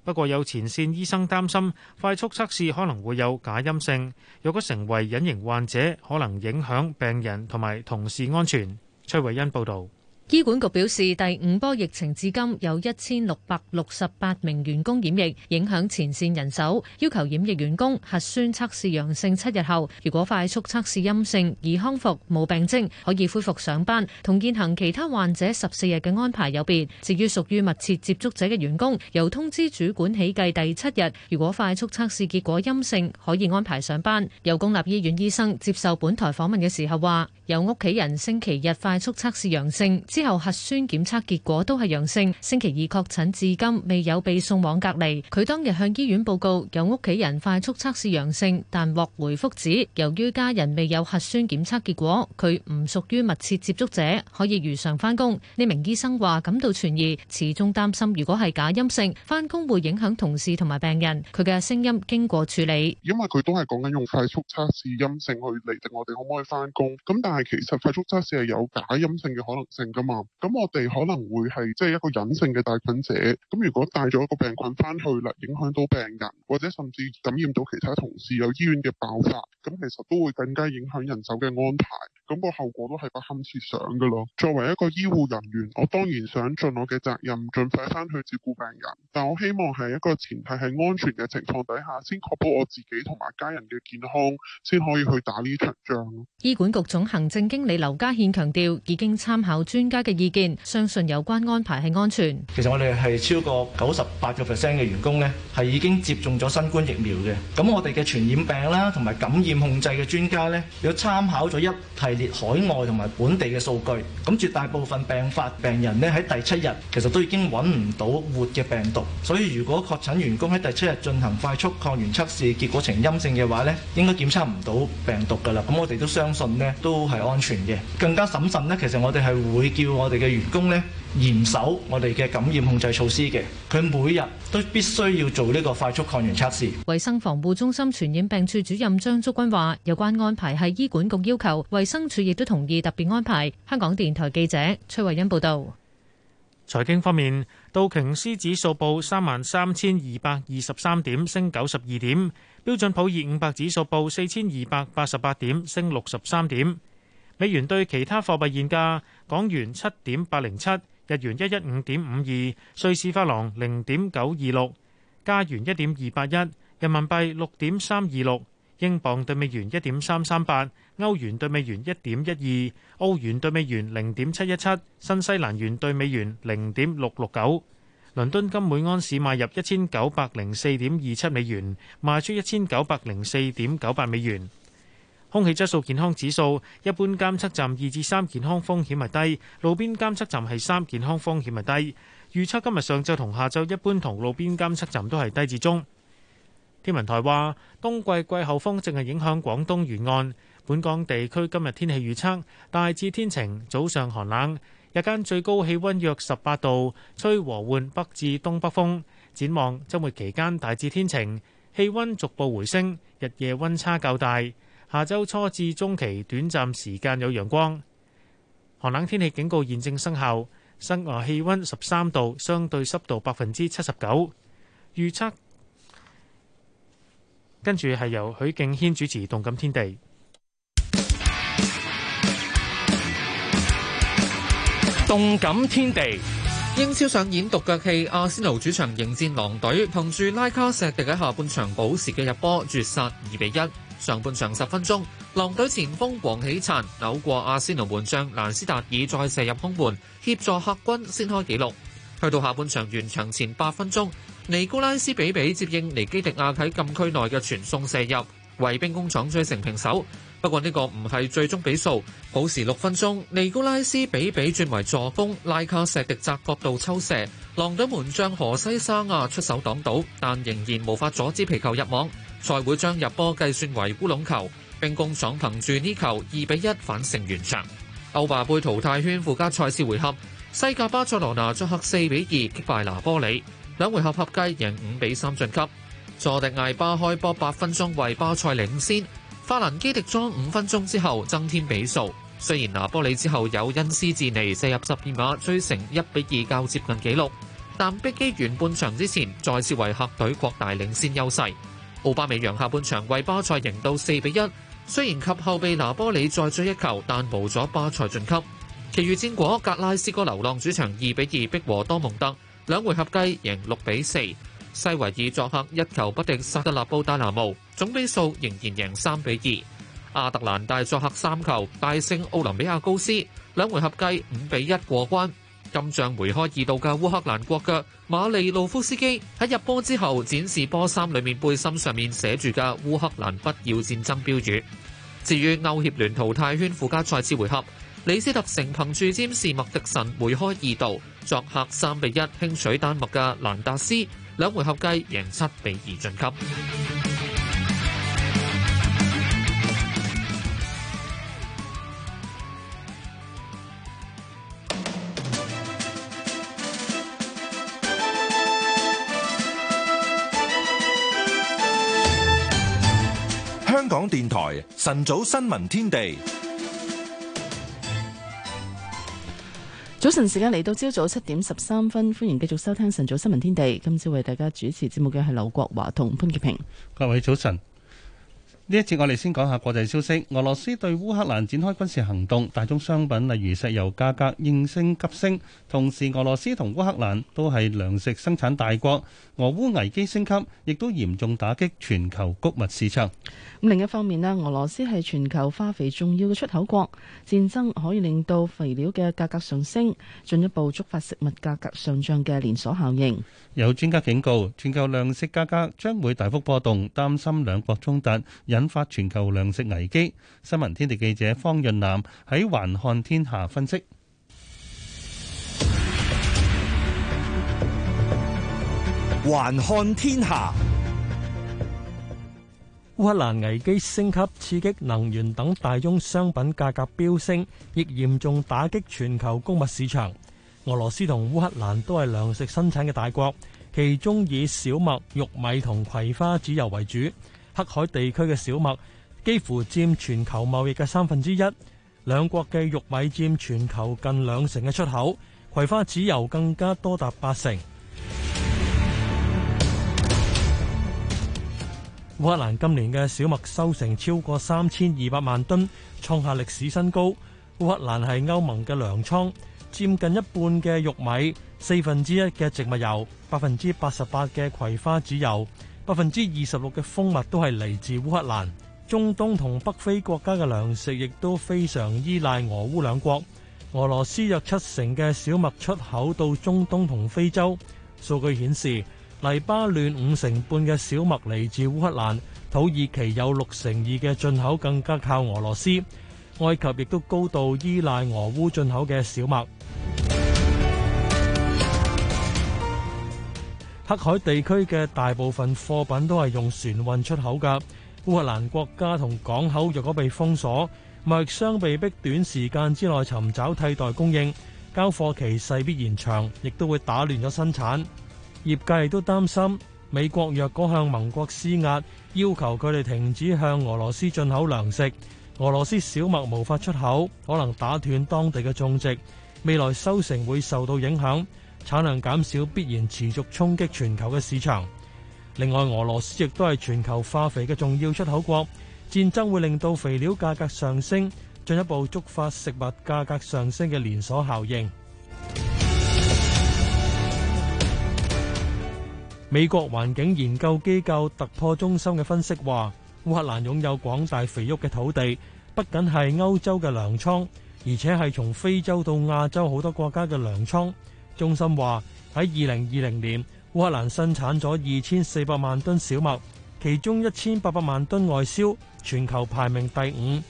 不過，有前線醫生擔心，快速測試可能會有假陰性，若果成為隱形患者，可能影響病人同埋同事安全。崔慧欣報導。醫管局表示，第五波疫情至今有一千六百六十八名員工染疫，影響前線人手。要求染疫員工核酸測試陽性七日後，如果快速測試陰性而康復、冇病徵，可以恢復上班，同現行其他患者十四日嘅安排有別。至於屬於密切接觸者嘅員工，由通知主管起計第七日，如果快速測試結果陰性，可以安排上班。有公立醫院醫生接受本台訪問嘅時候話。有屋企人星期日快速測試陽性之後，核酸檢測結果都係陽性。星期二確診至今，未有被送往隔離。佢當日向醫院報告有屋企人快速測試陽性，但獲回覆指由於家人未有核酸檢測結果，佢唔屬於密切接觸者，可以如常翻工。呢名醫生話感到存疑，始終擔心如果係假陰性，翻工會影響同事同埋病人。佢嘅聲音經過處理，因為佢都係講緊用快速測試陰性去釐定我哋可唔可以翻工。咁但但係其實快速測試係有假陰性嘅可能性㗎嘛，咁我哋可能會係即係一個隱性嘅帶菌者，咁如果帶咗一個病菌返去啦，影響到病人，或者甚至感染到其他同事，有醫院嘅爆發，咁其實都會更加影響人手嘅安排。咁個後果都係不堪設想噶咯。作為一個醫護人員，我當然想盡我嘅責任，盡快翻去照顧病人。但我希望係一個前提係安全嘅情況底下，先確保我自己同埋家人嘅健康，先可以去打呢場仗。醫管局總行政經理劉家獻強調，已經參考專家嘅意見，相信有關安排係安全。其實我哋係超過九十八個 percent 嘅員工呢，係已經接種咗新冠疫苗嘅。咁我哋嘅傳染病啦、啊，同埋感染控制嘅專家呢，有參考咗一體列海外同埋本地嘅數據，咁絕大部分病發病人呢，喺第七日，其實都已經揾唔到活嘅病毒，所以如果確診員工喺第七日進行快速抗原測試結果呈陰性嘅話呢，呢應該檢測唔到病毒㗎啦。咁我哋都相信呢都係安全嘅，更加審慎呢，其實，我哋係會叫我哋嘅員工呢，嚴守我哋嘅感染控制措施嘅，佢每日都必須要做呢個快速抗原測試。衛生防護中心傳染病處主任張竹君話，有關安排係醫管局要求，衛生署亦都同意特別安排。香港電台記者崔慧欣報道。財經方面，道瓊斯指數報三萬三千二百二十三點，升九十二點。標準普爾五百指數報四千二百八十八點，升六十三點。美元對其他貨幣現價，港元七點八零七。日元一一五點五二，瑞士法郎零點九二六，加元一點二八一，人民幣六點三二六，英鎊對美元一點三三八，歐元對美元一點一二，澳元對美元零點七一七，新西蘭元對美元零點六六九。倫敦金每安士買入一千九百零四點二七美元，賣出一千九百零四點九八美元。空氣質素健康指數，一般監測站二至三，健康風險係低；路邊監測站係三，健康風險係低。預測今日上晝同下晝，一般同路邊監測站都係低至中。天文台話，冬季季候風正係影響廣東沿岸本港地區。今日天氣預測大致天晴，早上寒冷，日間最高氣温約十八度，吹和緩北至東北風。展望週末期間大致天晴，氣温逐步回升，日夜温差較大。下周初至中期，短暫時間有陽光。寒冷天氣警告現正生效。室外氣溫十三度，相對濕度百分之七十九。預測跟住係由許敬軒主持《動感天地》。動感天地，英超上演獨腳戲，阿仙奴主場迎戰狼隊，憑住拉卡錫迪喺下半場補時嘅入波絕殺二比一。上半場十分鐘，狼隊前鋒黃喜燦扭過阿仙奴門將蘭斯達爾，再射入空門，協助客軍先開紀錄。去到下半場完場前八分鐘，尼古拉斯比比接應尼基迪亞喺禁區內嘅傳送射入，為兵工廠追成平手。不過呢個唔係最終比數。補時六分鐘，尼古拉斯比比轉為助攻，拉卡石迪窄角度抽射，狼隊門將荷西沙亞出手擋到，但仍然無法阻止皮球入網。賽會將入波計算為烏龍球，並共爽憑住呢球二比一反勝完場。歐霸杯淘汰圈附加賽次回合，西甲巴塞羅那作客四比二擊敗拿波里，兩回合合計贏五比三晉級。佐迪艾巴開波八分鐘為巴塞領先，法蘭基迪莊五分鐘之後增添比數。雖然拿波里之後有恩斯治尼射入十二碼追成一比二較接近紀錄，但碧基完半場之前再次為客隊擴大領先優勢。奧巴美揚下半場為巴塞贏到四比一，雖然及後被拿波里再追一球，但無咗巴塞晉級。其餘戰果，格拉斯哥流浪主場二比二逼和多蒙特，兩回合計贏六比四；西維爾作客一球不敵薩格勒布戴拿模，總比數仍然贏三比二。亞特蘭大作客三球大勝奧林比亞高斯，兩回合計五比一過關。金仗梅開二度嘅烏克蘭國腳馬尼路夫斯基喺入波之後，展示波衫裏面背心上面寫住嘅烏克蘭不要戰爭標語。至於歐協聯淘汰圈附加賽次回合，李斯特城憑住占士麥迪臣梅開二度，作客三比一輕取丹麥嘅蘭達斯，兩回合計贏七比二晉級。晨早新聞天地，早晨時間嚟到，朝早七點十三分，歡迎繼續收聽晨早新聞天地。今朝為大家主持節目嘅係劉國華同潘潔平。各位早晨。呢一次我哋先講下國際消息，俄羅斯對烏克蘭展開軍事行動，大宗商品例如石油價格應聲急升。同時，俄羅斯同烏克蘭都係糧食生產大國，俄烏危機升級亦都嚴重打擊全球穀物市場。咁另一方面咧，俄羅斯係全球化肥重要嘅出口國，戰爭可以令到肥料嘅價格上升，進一步觸發食物價格上漲嘅連鎖效應。有專家警告，全球糧食價格將會大幅波動，擔心兩國衝突。引發全球糧食危機。新聞天地記者方潤南喺《橫看天下》分析，《橫看天下》烏克蘭危機升級，刺激能源等大宗商品價格飆升，亦嚴重打擊全球穀物市場。俄羅斯同烏克蘭都係糧食生產嘅大國，其中以小麥、玉米同葵花籽油為主。黑海地區嘅小麥幾乎佔全球貿易嘅三分之一，兩國嘅玉米佔全球近兩成嘅出口，葵花籽油更加多達八成。 烏克蘭今年嘅小麥收成超過三千二百萬噸，創下歷史新高。烏克蘭係歐盟嘅糧倉，佔近一半嘅玉米，四分之一嘅植物油，百分之八十八嘅葵花籽油。百分之二十六嘅蜂蜜都係嚟自烏克蘭，中東同北非國家嘅糧食亦都非常依賴俄烏兩國。俄羅斯約七成嘅小麥出口到中東同非洲。數據顯示，黎巴嫩五成半嘅小麥嚟自烏克蘭，土耳其有六成二嘅進口更加靠俄羅斯，埃及亦都高度依賴俄烏進口嘅小麥。黑海地區嘅大部分貨品都係用船運出口㗎，烏克蘭國家同港口若果被封鎖，麥商被迫短時間之內尋找替代供應，交貨期勢必延長，亦都會打亂咗生產。業界亦都擔心美國若果向盟國施壓，要求佢哋停止向俄羅斯進口糧食，俄羅斯小麥無法出口，可能打斷當地嘅種植，未來收成會受到影響。產能減少必然持續衝擊全球嘅市場。另外俄羅斯亦都係全球化肥嘅重要出口國，戰爭會令到肥料價格上升，進一步觸發食物價格上升嘅連鎖效應。美國環境研究機構突破中心嘅分析話，烏克蘭擁有廣大肥沃嘅土地，不僅係歐洲嘅糧倉，而且係從非洲到亞洲好多國家嘅糧倉。 中心話喺二零二零年，烏克蘭生產咗二千四百萬噸小麥，其中一千八百萬噸外銷，全球排名第五。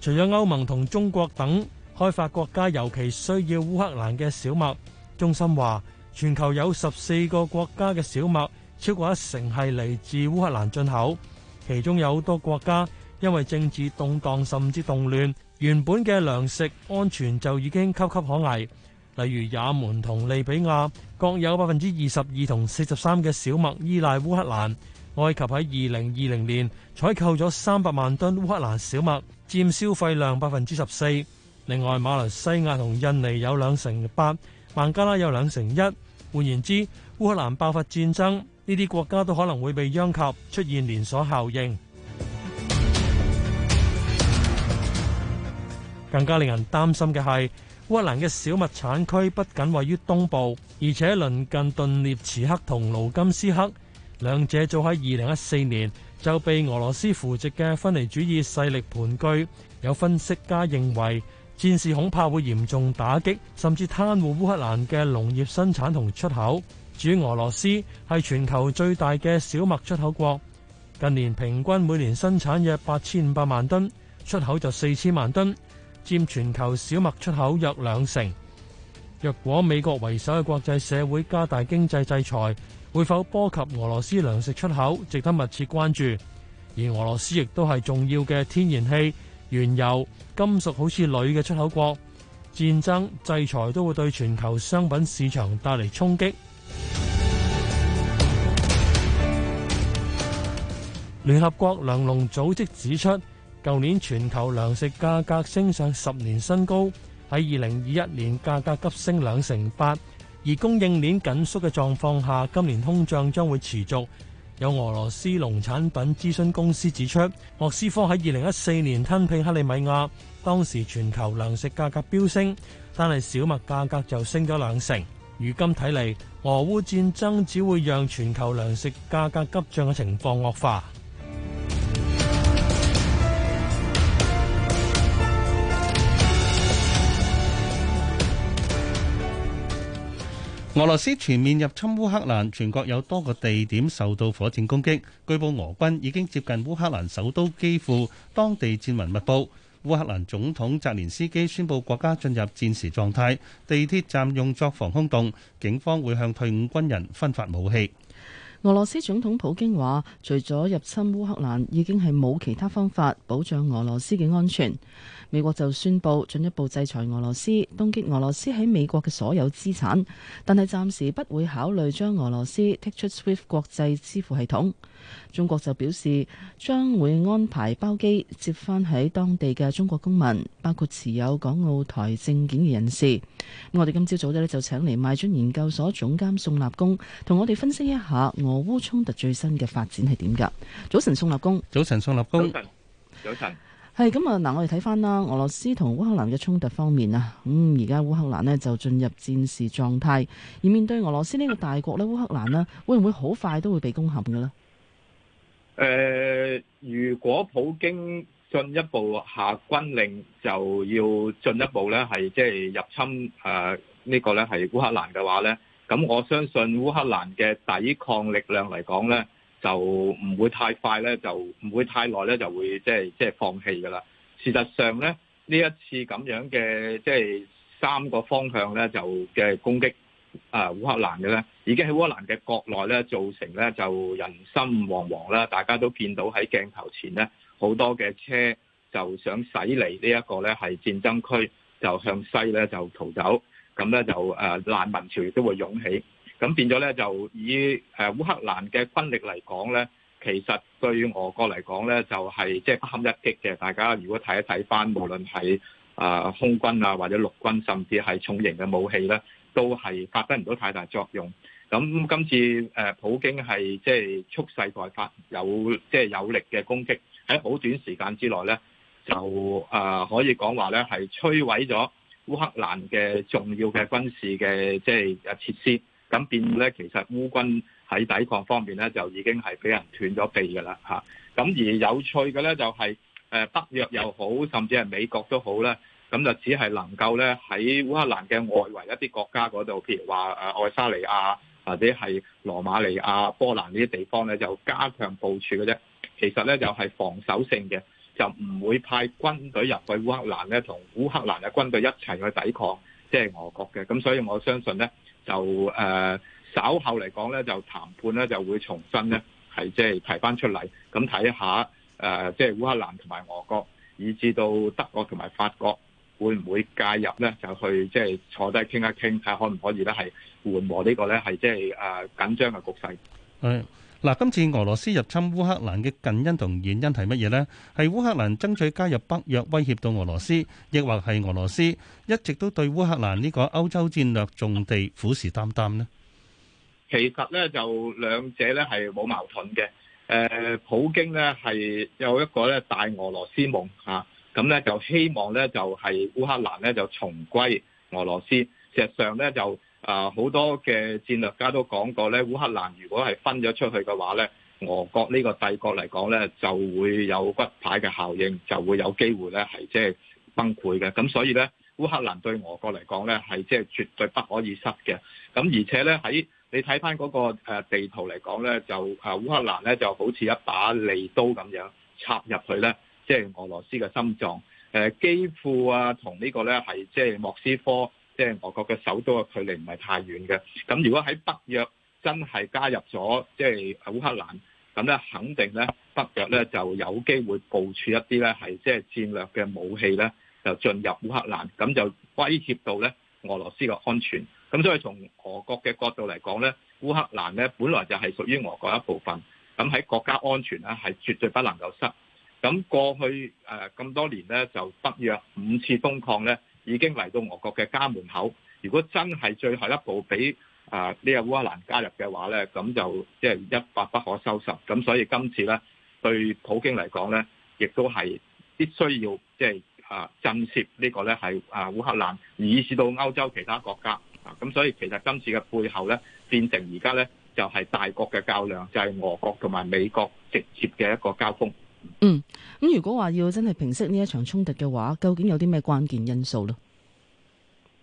除咗歐盟同中國等開發國家尤其需要烏克蘭嘅小麥，中心話全球有十四個國家嘅小麥超過一成係嚟自烏克蘭進口，其中有好多國家因為政治動盪甚至動亂，原本嘅糧食安全就已經岌岌可危。例如也門同利比亞各有百分之二十二同四十三嘅小麥依賴烏克蘭，埃及喺二零二零年採購咗三百萬噸烏克蘭小麥，佔消費量百分之十四。另外，馬來西亞同印尼有兩成八，孟加拉有兩成一。換言之，烏克蘭爆發戰爭，呢啲國家都可能會被殃及，出現連鎖效應。更加令人擔心嘅係。烏克蘭嘅小麥產區不僅位於東部，而且鄰近頓涅茨克同盧甘斯克，兩者早喺二零一四年就被俄羅斯扶植嘅分離主義勢力盤踞。有分析家認為，戰事恐怕會嚴重打擊甚至癱瘓烏克蘭嘅農業生產同出口。至於俄羅斯，係全球最大嘅小麥出口國，近年平均每年生產約八千五百萬噸，出口就四千萬噸。佔全球小麥出口約兩成。若果美國為首嘅國際社會加大經濟制裁，會否波及俄羅斯糧食出口，值得密切關注。而俄羅斯亦都係重要嘅天然氣、原油、金屬，好似鋁嘅出口國。戰爭、制裁都會對全球商品市場帶嚟衝擊。聯 合國糧農組織指出。舊年全球糧食價格升上十年新高，喺二零二一年價格急升兩成八，而供應鏈緊縮嘅狀況下，今年通脹將會持續。有俄羅斯農產品諮詢公司指出，莫斯科喺二零一四年吞併克里米亞，當時全球糧食價格飆升，但係小麥價格就升咗兩成。如今睇嚟，俄烏戰爭只會讓全球糧食價格急漲嘅情況惡化。.俄羅斯全面入侵烏克蘭，全國有多個地點受到火箭攻擊。據報俄軍已經接近烏克蘭首都基輔，當地戰雲密佈。烏克蘭總統澤連斯基宣佈國家進入戰時狀態，地鐵站用作防空洞，警方會向退伍軍人分發武器。俄羅斯總統普京話，除咗入侵烏克蘭，已經係冇其他方法保障俄羅斯嘅安全。美國就宣布進一步制裁俄羅斯，凍結俄羅斯喺美國嘅所有資產，但係暫時不會考慮將俄羅斯剔出 SWIFT 國際支付系統。中國就表示將會安排包機接翻喺當地嘅中國公民，包括持有港澳台證件嘅人士。我哋今朝早呢，就請嚟邁進研究所總監宋立功，同我哋分析一下俄烏衝突最新嘅發展係點㗎？早晨，宋立功。早晨，宋立功。早晨。早晨。係咁啊！嗱，我哋睇翻啦，俄羅斯同烏克蘭嘅衝突方面啊，咁而家烏克蘭咧就進入戰事狀態，而面對俄羅斯呢個大國咧，烏克蘭咧會唔會好快都會被攻陷嘅咧？誒，如果普京進一步下軍令，就要進一步咧係即係入侵誒呢個咧係烏克蘭嘅話咧，咁我相信烏克蘭嘅抵抗力量嚟講咧。就唔會太快咧，就唔會太耐咧，就會即係即係放棄㗎啦。事實上咧，呢一次咁樣嘅即係三個方向咧，就嘅攻擊啊烏克蘭嘅咧，已經喺烏克蘭嘅國內咧造成咧就人心惶惶啦。大家都見到喺鏡頭前咧好多嘅車就想駛離呢一個咧係戰爭區，就向西咧就逃走，咁咧就誒難民潮亦都會湧起。咁變咗咧，就以誒烏克蘭嘅軍力嚟講咧，其實對俄國嚟講咧，就係即係不堪一擊嘅。大家如果睇一睇返，無論係啊空軍啊，或者陸軍，甚至係重型嘅武器咧，都係發揮唔到太大作用。咁今次誒普京係即係蓄勢待發，有即係有力嘅攻擊喺好短時間之內咧，就啊可以講話咧係摧毀咗烏克蘭嘅重要嘅軍事嘅即係啊設施。咁變咧，其實烏軍喺抵抗方面咧，就已經係俾人斷咗臂嘅啦吓。咁、啊、而有趣嘅咧，就係、是、誒北約又好，甚至係美國都好咧，咁就只係能夠咧喺烏克蘭嘅外圍一啲國家嗰度，譬如話誒愛沙尼亞或者係羅馬尼亞、波蘭呢啲地方咧，就加強部署嘅啫。其實咧就係、是、防守性嘅，就唔會派軍隊入去烏克蘭咧，同烏克蘭嘅軍隊一齊去抵抗即係、就是、俄國嘅。咁所以我相信咧。就誒、呃、稍後嚟講咧，就談判咧就會重新咧係即係提翻出嚟，咁睇下誒即係烏克蘭同埋俄國，以至到德國同埋法國會唔會介入咧，就去即係坐低傾一傾，睇下可唔可以咧係緩和呢個咧係即係誒緊張嘅局勢。係。嗱，今次俄羅斯入侵烏克蘭嘅近因同遠因係乜嘢呢？係烏克蘭爭取加入北約威脅到俄羅斯，亦或係俄羅斯一直都對烏克蘭呢個歐洲戰略重地虎視眈眈呢？其實呢，就兩者呢係冇矛盾嘅。誒、呃，普京呢係有一個咧大俄羅斯夢嚇，咁、啊、呢就希望呢就係、是、烏克蘭呢就重歸俄羅斯。事實上呢，就啊，好多嘅戰略家都講過咧，烏克蘭如果係分咗出去嘅話咧，俄國呢個帝國嚟講咧就會有骨牌嘅效應，就會有機會咧係即係崩潰嘅。咁所以咧，烏克蘭對俄國嚟講咧係即係絕對不可以失嘅。咁而且咧喺你睇翻嗰個地圖嚟講咧，就啊烏克蘭咧就好似一把利刀咁樣插入去咧，即係俄羅斯嘅心臟。誒基庫啊同呢個咧係即係莫斯科。即係俄國嘅首都嘅距離唔係太遠嘅，咁如果喺北約真係加入咗，即係烏克蘭，咁咧肯定咧北約咧就有機會部署一啲咧係即係戰略嘅武器咧，就進入烏克蘭，咁就威脅到咧俄羅斯嘅安全。咁所以從俄國嘅角度嚟講咧，烏克蘭咧本來就係屬於俄國一部分，咁喺國家安全咧係絕對不能夠失。咁過去誒咁多年咧，就北約五次東擴咧。已經嚟到俄國嘅家門口，如果真係最後一步俾啊，呢個烏克蘭加入嘅話呢，咁就即係一發不可收拾。咁所以今次呢，對普京嚟講呢，亦都係必須要即係啊震懾呢個呢係啊烏克蘭，以至到歐洲其他國家啊。咁所以其實今次嘅背後呢，變成而家呢，就係大國嘅較量，就係俄國同埋美國直接嘅一個交鋒。嗯，咁如果話要真係平息呢一場衝突嘅話，究竟有啲咩關鍵因素咧？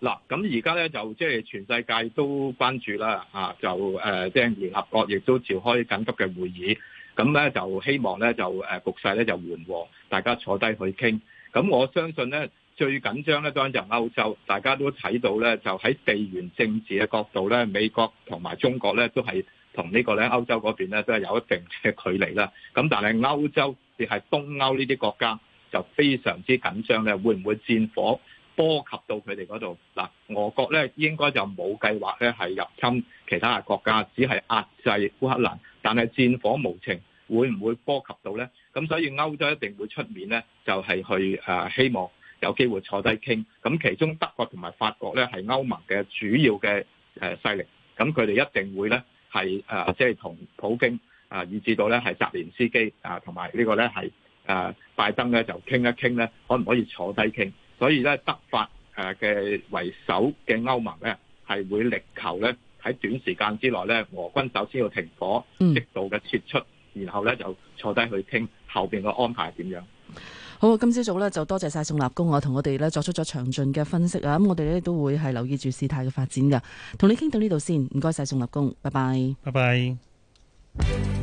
嗱，咁而家咧就即係全世界都關注啦，啊，就誒，即係聯合國亦都召開緊急嘅會議，咁咧就希望咧就誒、呃、局勢咧就緩和，大家坐低去傾。咁我相信咧最緊張咧當然就係歐洲，大家都睇到咧就喺地緣政治嘅角度咧，美國同埋中國咧都係同呢個咧歐洲嗰邊咧都係有一定嘅距離啦。咁但係歐洲。特別係東歐呢啲國家就非常之緊張咧，會唔會戰火波及到佢哋嗰度？嗱，俄國咧應該就冇計劃咧係入侵其他嘅國家，只係壓制烏克蘭。但係戰火無情，會唔會波及到咧？咁所以歐洲一定會出面咧，就係去誒希望有機會坐低傾。咁其中德國同埋法國咧係歐盟嘅主要嘅誒勢力，咁佢哋一定會咧係誒即係同普京。啊，以至到呢係澤連斯基啊，同埋呢個呢係啊拜登呢，就傾一傾呢，可唔可以坐低傾？所以呢，德法誒嘅為首嘅歐盟呢，係會力求呢喺短時間之內呢，俄軍首先要停火，直到嘅撤出，然後呢就坐低去傾後邊嘅安排點樣？嗯、好啊，今朝早呢，就多謝晒宋立功我同我哋呢作出咗詳盡嘅分析啊，咁我哋呢都會係留意住事態嘅發展㗎。同你傾到呢度先，唔該晒宋立功，拜拜，拜拜。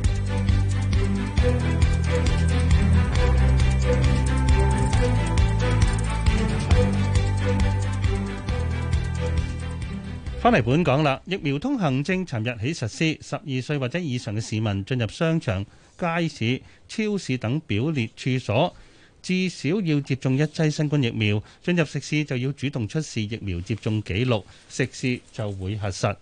翻嚟本港啦，疫苗通行證尋日起實施，十二歲或者以上嘅市民進入商場、街市、超市等表列處所，至少要接種一劑新冠疫苗；進入食肆就要主動出示疫苗接種記錄，食肆就會核實。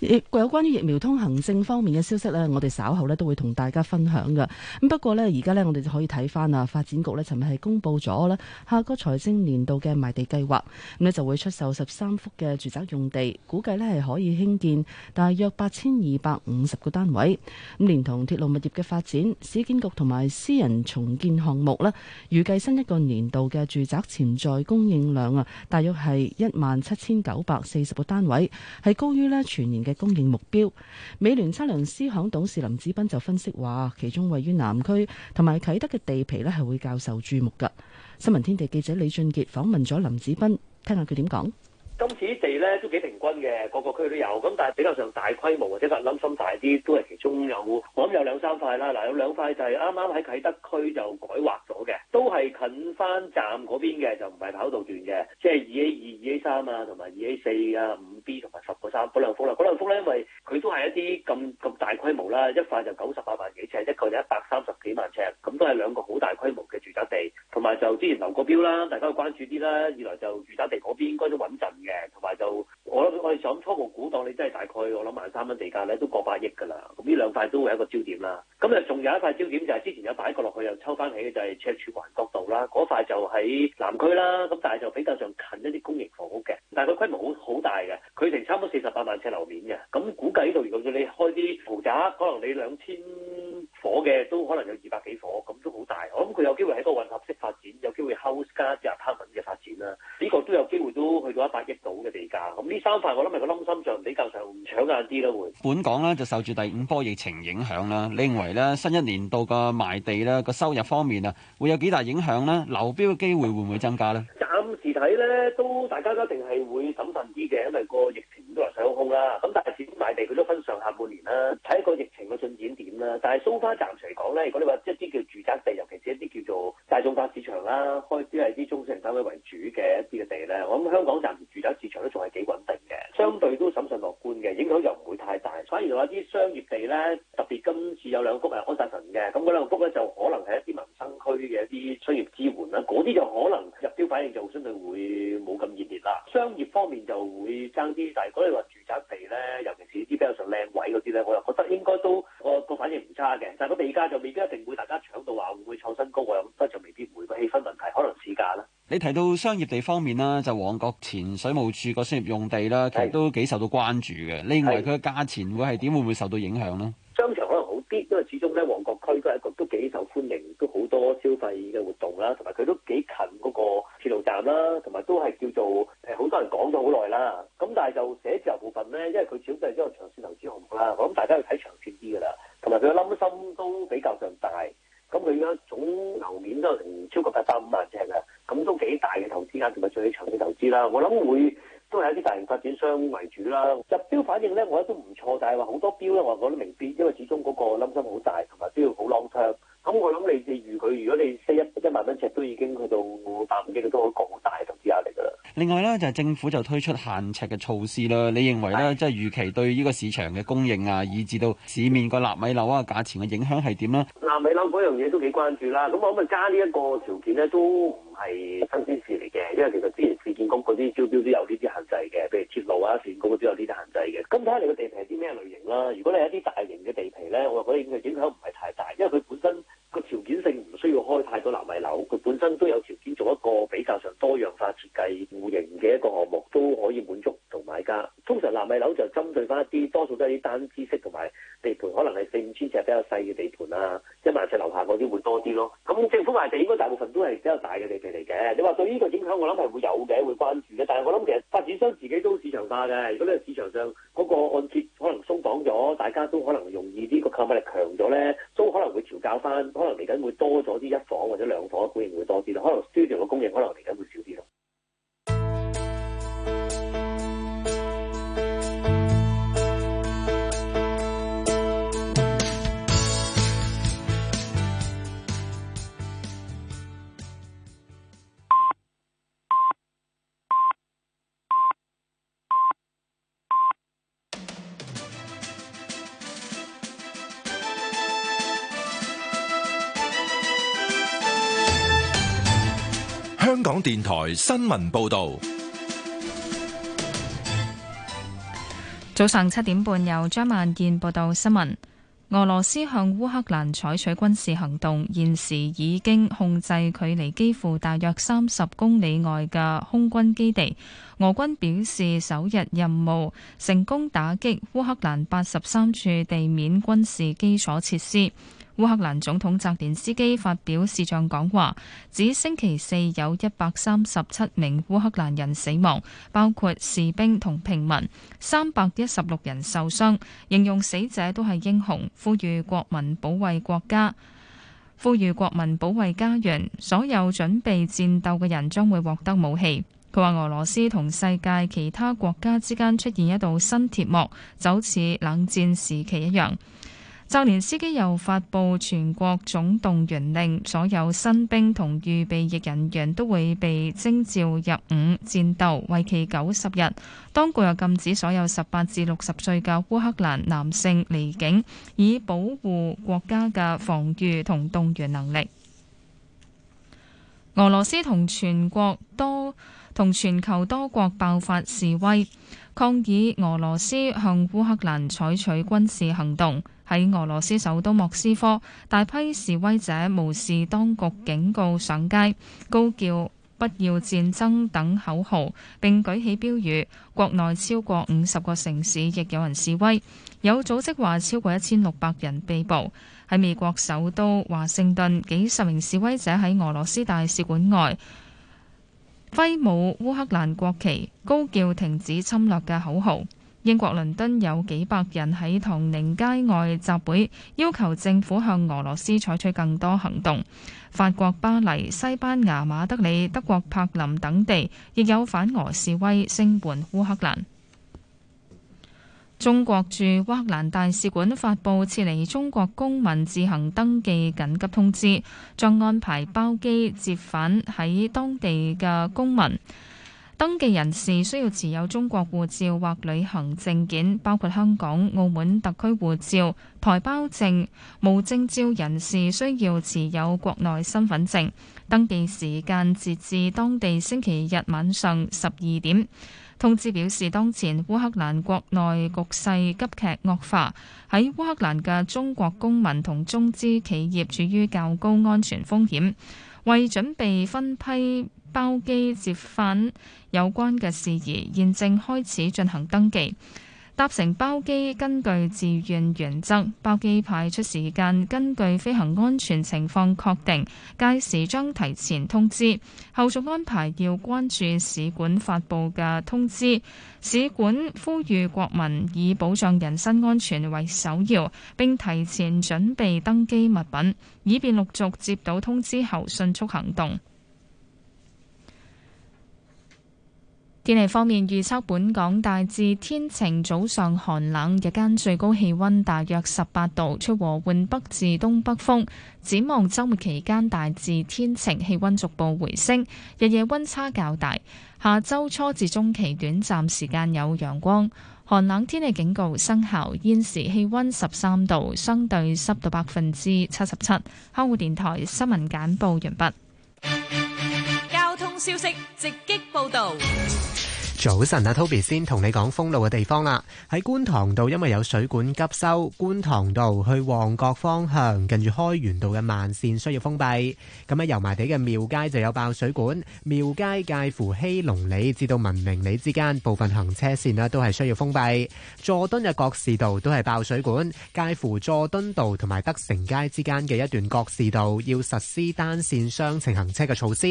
有關於疫苗通行證方面嘅消息咧，我哋稍後咧都會同大家分享噶。咁不過咧，而家咧我哋就可以睇翻啊，發展局咧尋日係公布咗咧下個財政年度嘅賣地計劃，咁咧就會出售十三幅嘅住宅用地，估計咧係可以興建大約八千二百五十個單位。咁連同鐵路物業嘅發展，市建局同埋私人重建項目咧，預計新一個年度嘅住宅潛在供應量啊，大約係一萬七千九百四十個單位，係高於咧。全年嘅供應目標，美聯測量師行董事林子斌就分析話，其中位於南區同埋啟德嘅地皮咧係會較受注目噶。新聞天地記者李俊杰訪問咗林子斌，聽下佢點講。今次啲地咧都幾平均嘅，各個區都有，咁但係比較上大規模或者發諗心大啲，都係其中有我諗有兩三塊啦。嗱，有兩塊就係啱啱喺啟德區就改劃咗嘅，都係近翻站嗰邊嘅，就唔係跑道段嘅，即係二一二。二 A 三啊，同埋二 A 四啊，五 B 同埋十個三，嗰兩幅啦，嗰兩幅咧，因為佢都係一啲咁咁大規模啦，一塊就九十八萬幾尺，一個就一百三十幾萬尺，咁都係兩個好大規模嘅住宅地，同埋就之前留過標啦，大家要關注啲啦，二來就住宅地嗰邊應該都穩陣嘅，同埋就。我我哋想初步估到，你真係大概我諗萬三蚊地價咧都過百億噶啦。咁呢兩塊都會係一個焦點啦。咁誒仲有一塊焦點就係之前有擺過落去又抽翻起嘅就係、是、赤柱環角道啦。嗰塊就喺南區啦。咁但係就比較上近一啲公營房屋嘅，但係佢規模好好大嘅，佢成差唔多四十八萬尺樓面嘅。咁估計呢度如果你開啲豪宅，可能你兩千火嘅都可能有二百幾。三塊我諗係個冧心上，比較上搶眼啲啦會。本港呢，就受住第五波疫情影響啦，你認為呢？新一年度個賣地呢個收入方面啊，會有幾大影響呢？流標嘅機會會唔會增加呢？暫時睇呢，都大家都一定係會審慎啲嘅，因為個疫情都係上空啦。咁但係至於賣地佢都分上下半年啦，睇一個疫情嘅進展點啦。但係蘇花暫時嚟講呢，如果你話一啲叫住宅地，尤其是一啲叫做大眾化市場啦，開支係啲中小型單位為主嘅一啲嘅地呢。我諗香港暫時住宅市場都仲係幾穩。相對都審慎樂觀嘅，影響又唔會太大，反而話啲商業地咧，特別今次有兩幅係安達臣嘅。咁嗰兩幅咧，就可能係一啲民生區嘅一啲商業支援啦，嗰啲就可能入標反應就相對會冇咁熱烈啦。商業方面就會差啲，但係如果你話住宅地咧，尤其是啲比較上靚位嗰啲咧，我又覺得應該都個個反應唔差嘅。但係個地價就未必一定會大家搶到，話會唔會創新高我又都就。你提到商業地方面啦，就旺角前水務署個商業用地啦，其實都幾受到關注嘅。的你認為佢嘅價錢會係點？會唔會受到影響呢？商場可能好啲，因為始終咧旺角區都係一個都幾受歡迎，都好多消費嘅活動啦，同埋佢都幾近嗰個鐵路站啦，同埋都係叫做誒好多人講咗好耐啦。咁但係就寫字樓部分咧，因為佢始終都係一個長線投資項目啦，我諗大家要睇長線啲㗎啦，同埋佢。都幾大嘅投資啊，同埋最起長嘅投資啦。我諗會都係一啲大型發展商為主啦。入標反應咧，我覺得都唔錯，但係話好多標咧，我覺得未必，因為始終嗰個擔心好大，同埋標好 long term，咁我諗你你預佢，如果你 set 一一萬蚊尺，都已經去到百萬幾嘅另外咧，就係、是、政府就推出限尺嘅措施啦。你認為咧，是的 即係預期對呢個市場嘅供應啊，以至到市面個納米樓啊價錢嘅影響係點咧？納米樓嗰樣嘢都幾關注啦。咁我諗啊加條呢一個條件咧，都唔係新鮮事嚟嘅。因為其實之前市建局嗰啲招標都有呢啲限制嘅，譬如鐵路啊、市建局都有呢啲限制嘅。咁睇下你個地皮係啲咩類型啦。如果你係一啲大型嘅地皮咧，我覺得影響唔係太大，因為佢本身個條件性唔需要開太多納米樓，佢本身都有。報道早上七點半，由張曼燕報道新聞。俄羅斯向烏克蘭採取軍事行動，現時已經控制距離基輔大約三十公里外嘅空軍基地。俄軍表示，首日任務成功打擊烏克蘭八十三處地面軍事基礎設施。烏克蘭總統澤連斯基發表視像講話，指星期四有一百三十七名烏克蘭人死亡，包括士兵同平民，三百一十六人受傷。形容死者都係英雄，呼籲國民保衛國家，呼籲國民保衛家園。所有準備戰鬥嘅人將會獲得武器。佢話俄羅斯同世界其他國家之間出現一道新鐵幕，就好似冷戰時期一樣。澤連斯基又發布全國總動員令，所有新兵同預備役人員都會被徵召入伍戰鬥，為期九十日。當局又禁止所有十八至六十歲嘅烏克蘭男性離境，以保護國家嘅防禦同動員能力。俄羅斯同全國多同全球多國爆發示威。抗議俄羅斯向烏克蘭採取軍事行動，喺俄羅斯首都莫斯科，大批示威者無視當局警告上街，高叫不要戰爭等口號，並舉起標語。國內超過五十個城市亦有人示威，有組織話超過一千六百人被捕。喺美國首都華盛頓，幾十名示威者喺俄羅斯大使館外，揮舞烏克蘭國旗，高叫停止侵略嘅口號。英國倫敦有幾百人喺唐寧街外集會，要求政府向俄羅斯採取更多行動。法國巴黎、西班牙馬德里、德國柏林等地亦有反俄示威，聲援烏克蘭。中國駐烏克蘭大使館發佈撤離中國公民自行登記緊急通知，將安排包機接返喺當地嘅公民。登記人士需要持有中國護照或旅行證件，包括香港、澳門特區護照、台胞證。無證照人士需要持有國內身份證。登記時間截至當地星期日晚上十二點。通知表示，當前烏克蘭國內局勢急劇惡化，喺烏克蘭嘅中國公民同中資企業處於較高安全風險。為準備分批包機接返有關嘅事宜，現正開始進行登記。搭乘包機，根據自願原則，包機派出時間根據飛行安全情況確定，屆時將提前通知。後續安排要關注使館發佈嘅通知。使館呼籲國民以保障人身安全為首要，並提前準備登機物品，以便陸續接到通知後迅速行動。天氣方面預測，本港大致天晴，早上寒冷，日間最高氣溫大約十八度，吹和緩北至東北風。展望週末期間大致天晴，氣溫逐步回升，日夜溫差較大。下周初至中期短暫時間有陽光，寒冷天氣警告生效。現時氣溫十三度，相對濕度百分之七十七。香港電台新聞簡報完畢。消息直擊報道。早晨啊，Toby 先同你講封路嘅地方啦。喺觀塘道，因為有水管急修，觀塘道去旺角方向近住開源道嘅慢線需要封閉。咁喺油麻地嘅廟街就有爆水管，廟街介乎熙龍里至到文明里之間部分行車線咧都係需要封閉。佐敦嘅覺士道都係爆水管，介乎佐敦道同埋德成街之間嘅一段覺士道要實施單線雙程行車嘅措施。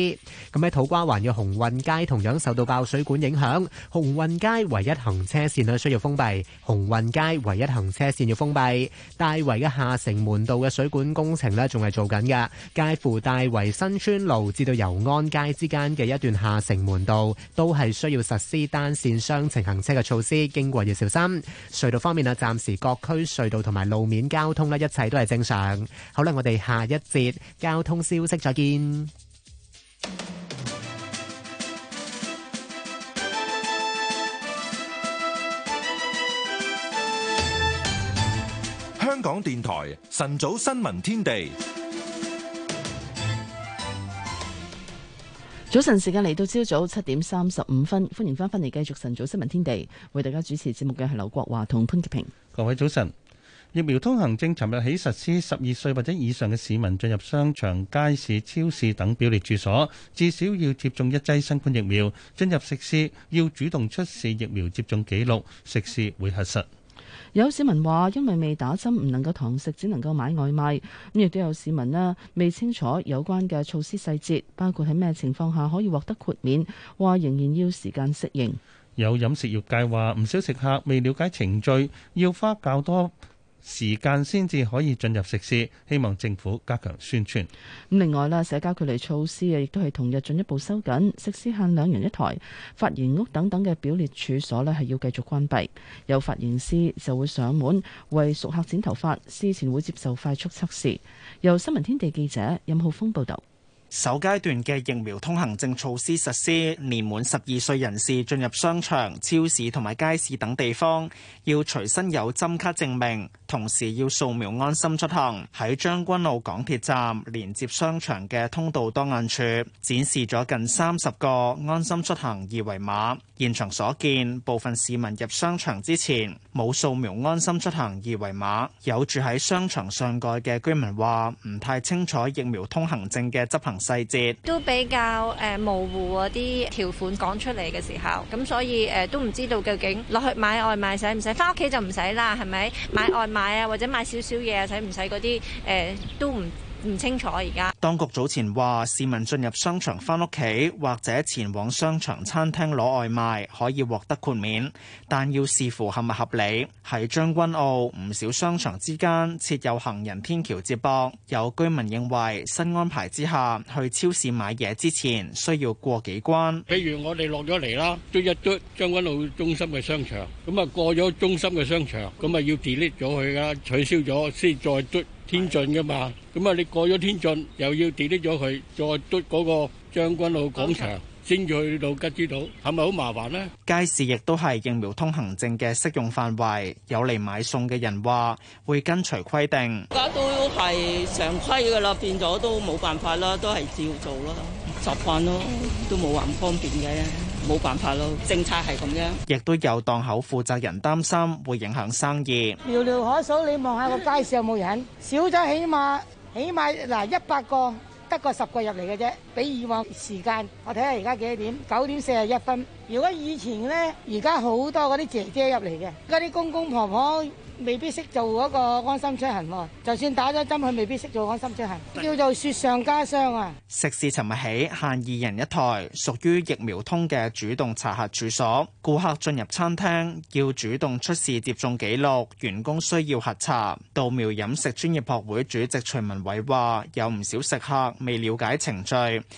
咁喺土瓜灣嘅鴻運街同樣受到爆水管影響。鴻運街唯一行車線咧需要封閉，鴻運街唯一行車線要封閉。大圍嘅下城門道嘅水管工程咧仲係做緊㗎，介乎大圍新村路至到油安街之間嘅一段下城門道都係需要實施單線雙程行車嘅措施，經過要小心。隧道方面啊，暫時各區隧道同埋路面交通咧一切都係正常。好啦，我哋下一節交通消息再見。香港電台晨早新聞天地，早晨時間嚟到朝早七點三十五分，歡迎翻返嚟繼續晨早新聞天地，為大家主持節目嘅係劉國華同潘潔平。各位早晨，疫苗通行證尋日起實施，十二歲或者以上嘅市民進入商場、街市、超市等表列住所，至少要接種一劑新冠疫苗；進入食肆，要主動出示疫苗接種記錄，食肆會核實。有市民話：因為未打針，唔能夠堂食，只能夠買外賣。咁亦都有市民呢未清楚有關嘅措施細節，包括喺咩情況下可以獲得豁免，話仍然要時間適應。有飲食業界話：唔少食客未了解程序，要花較多時間先至可以進入食肆，希望政府加強宣傳。咁另外啦，社交距離措施啊，亦都係同日進一步收緊。食肆限兩人一台，髮型屋等等嘅表列處所咧係要繼續關閉。有髮型師就會上門為熟客剪頭髮，事前會接受快速測試。由新聞天地記者任浩峰報導。首階段嘅疫苗通行證措施實施，年滿十二歲人士進入商場超市同埋街市等地方，要隨身有針卡證明，同時要掃描安心出行。喺將軍澳港鐵站連接商場嘅通道當眼處展示咗近三十個安心出行二維碼，現場所見，部分市民入商場之前冇掃描安心出行二維碼，有住喺商場上蓋嘅居民話唔太清楚疫苗通行證嘅執行。細節都比較誒模糊，嗰啲條款講出嚟嘅時候，咁所以誒、呃、都唔知道究竟落去買外賣使唔使，返屋企就唔使啦，係咪買外賣啊，或者買少少嘢啊，使唔使嗰啲誒都唔。唔清楚而家。當局早前話市民進入商場翻屋企或者前往商場餐廳攞外賣可以獲得豁免，但要視乎係咪合理。喺將軍澳唔少商場之間設有行人天橋接駁，有居民認為新安排之下去超市買嘢之前，需要過幾關，譬如我哋落咗嚟啦，追一追將軍澳中心嘅商場，咁啊過咗中心嘅商場，咁啊要 delete 咗佢啦，取消咗先再追。天津嘅嘛，咁、嗯、啊你過咗天津又要 delete 咗佢，再嘟嗰個將軍澳廣場，Okay. 先至去到吉之島，係咪好麻煩呢？街市亦都係疫苗通行證嘅適用範圍，有嚟買餸嘅人話會跟隨規定。而家都係常規嘅啦，變咗都冇辦法啦，都係照做啦，習慣咯，都冇話唔方便嘅。冇辦法咯，政策係咁樣。亦都有檔口負責人擔心會影響生意。寥寥可數，你望下個街市有冇人少咗，起碼起碼嗱一百個得個十個入嚟嘅啫。比以往時間，我睇下而家幾多點？九點四十一分。如果以前呢，而家好多嗰啲姐姐入嚟嘅，嗰啲公公婆婆，婆。未必識做嗰個安心出行，就算打咗針，佢未必識做安心出行，叫做雪上加霜啊！食肆尋日起限二人一台，屬於疫苗通嘅主動查核住所，顧客進入餐廳要主動出示接種記錄，員工需要核查。稻苗飲食專業學會主席徐文偉話，有唔少食客未了解程序，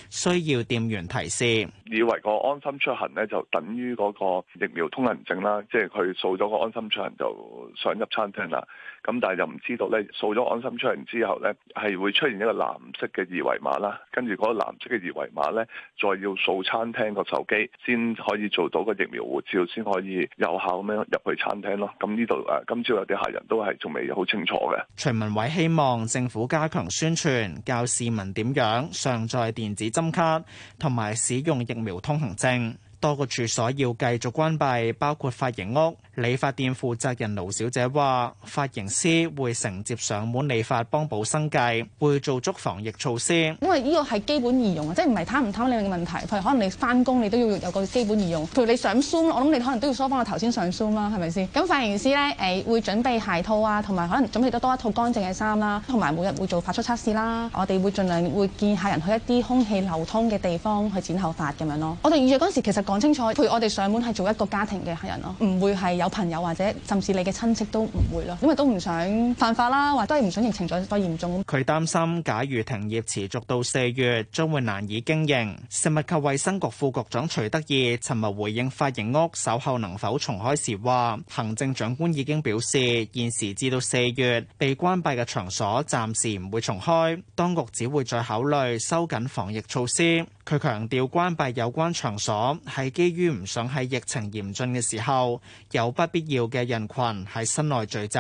需要店員提示。以為個安心出行咧就等於嗰個疫苗通行證啦，即係佢掃咗個安心出行就想入。餐廳啦，咁但係就唔知道咧，掃咗安心出行之後咧，係會出現一個藍色嘅二維碼啦，跟住嗰個藍色嘅二維碼咧，再要掃餐廳個手機，先可以做到個疫苗護照，先可以有效咁樣入去餐廳咯。咁呢度誒，今朝有啲客人都係仲未好清楚嘅。徐文偉希望政府加強宣傳，教市民點樣上載電子針卡，同埋使用疫苗通行證。多個處所要繼續關閉，包括髮型屋、理髮店。負責人盧小姐話，髮型師會承接上門理髮，幫補生計，會做足防疫措施。因為呢個係基本儀容啊，即係唔係貪唔貪你嘅問題。譬如可能你翻工，你都要有個基本儀容。譬如你想梳，我諗你可能都要梳翻個頭先上 Zoom 啦，係咪先？咁髮型師咧，誒會準備鞋套啊，同埋可能準備得多一套乾淨嘅衫啦，同埋每日會做發出測試啦。我哋會盡量會建議客人去一啲空氣流通嘅地方去剪頭髮咁樣咯。我哋預約嗰陣時，其實講清楚，譬如我哋上門係做一個家庭嘅客人咯，唔會係有朋友或者甚至你嘅親戚都唔會咯，因為都唔想犯法啦，或者係唔想疫情再多嚴重。佢擔心，假如停業持續到四月，將會難以經營。食物及衛生局副局長徐德義尋日回應髮型屋稍後能否重開時話，行政長官已經表示，現時至到四月被關閉嘅場所暫時唔會重開，當局只會再考慮收緊防疫措施。佢強調關閉有關場所係基於唔想喺疫情嚴峻嘅時候有不必要嘅人群喺室內聚集。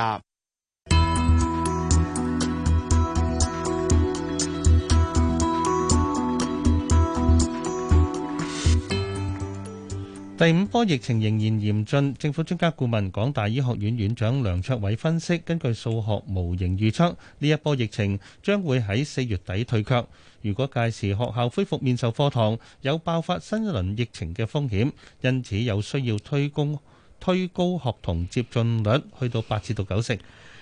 第五波疫情仍然嚴峻，政府專家顧問、港大醫學院院長梁卓偉分析，根據數學模型預測，呢一波疫情將會喺四月底退卻。如果屆時學校恢復面授課堂，有爆發新一輪疫情嘅風險，因此有需要推高，推高學童接種率去到八至到九成。90。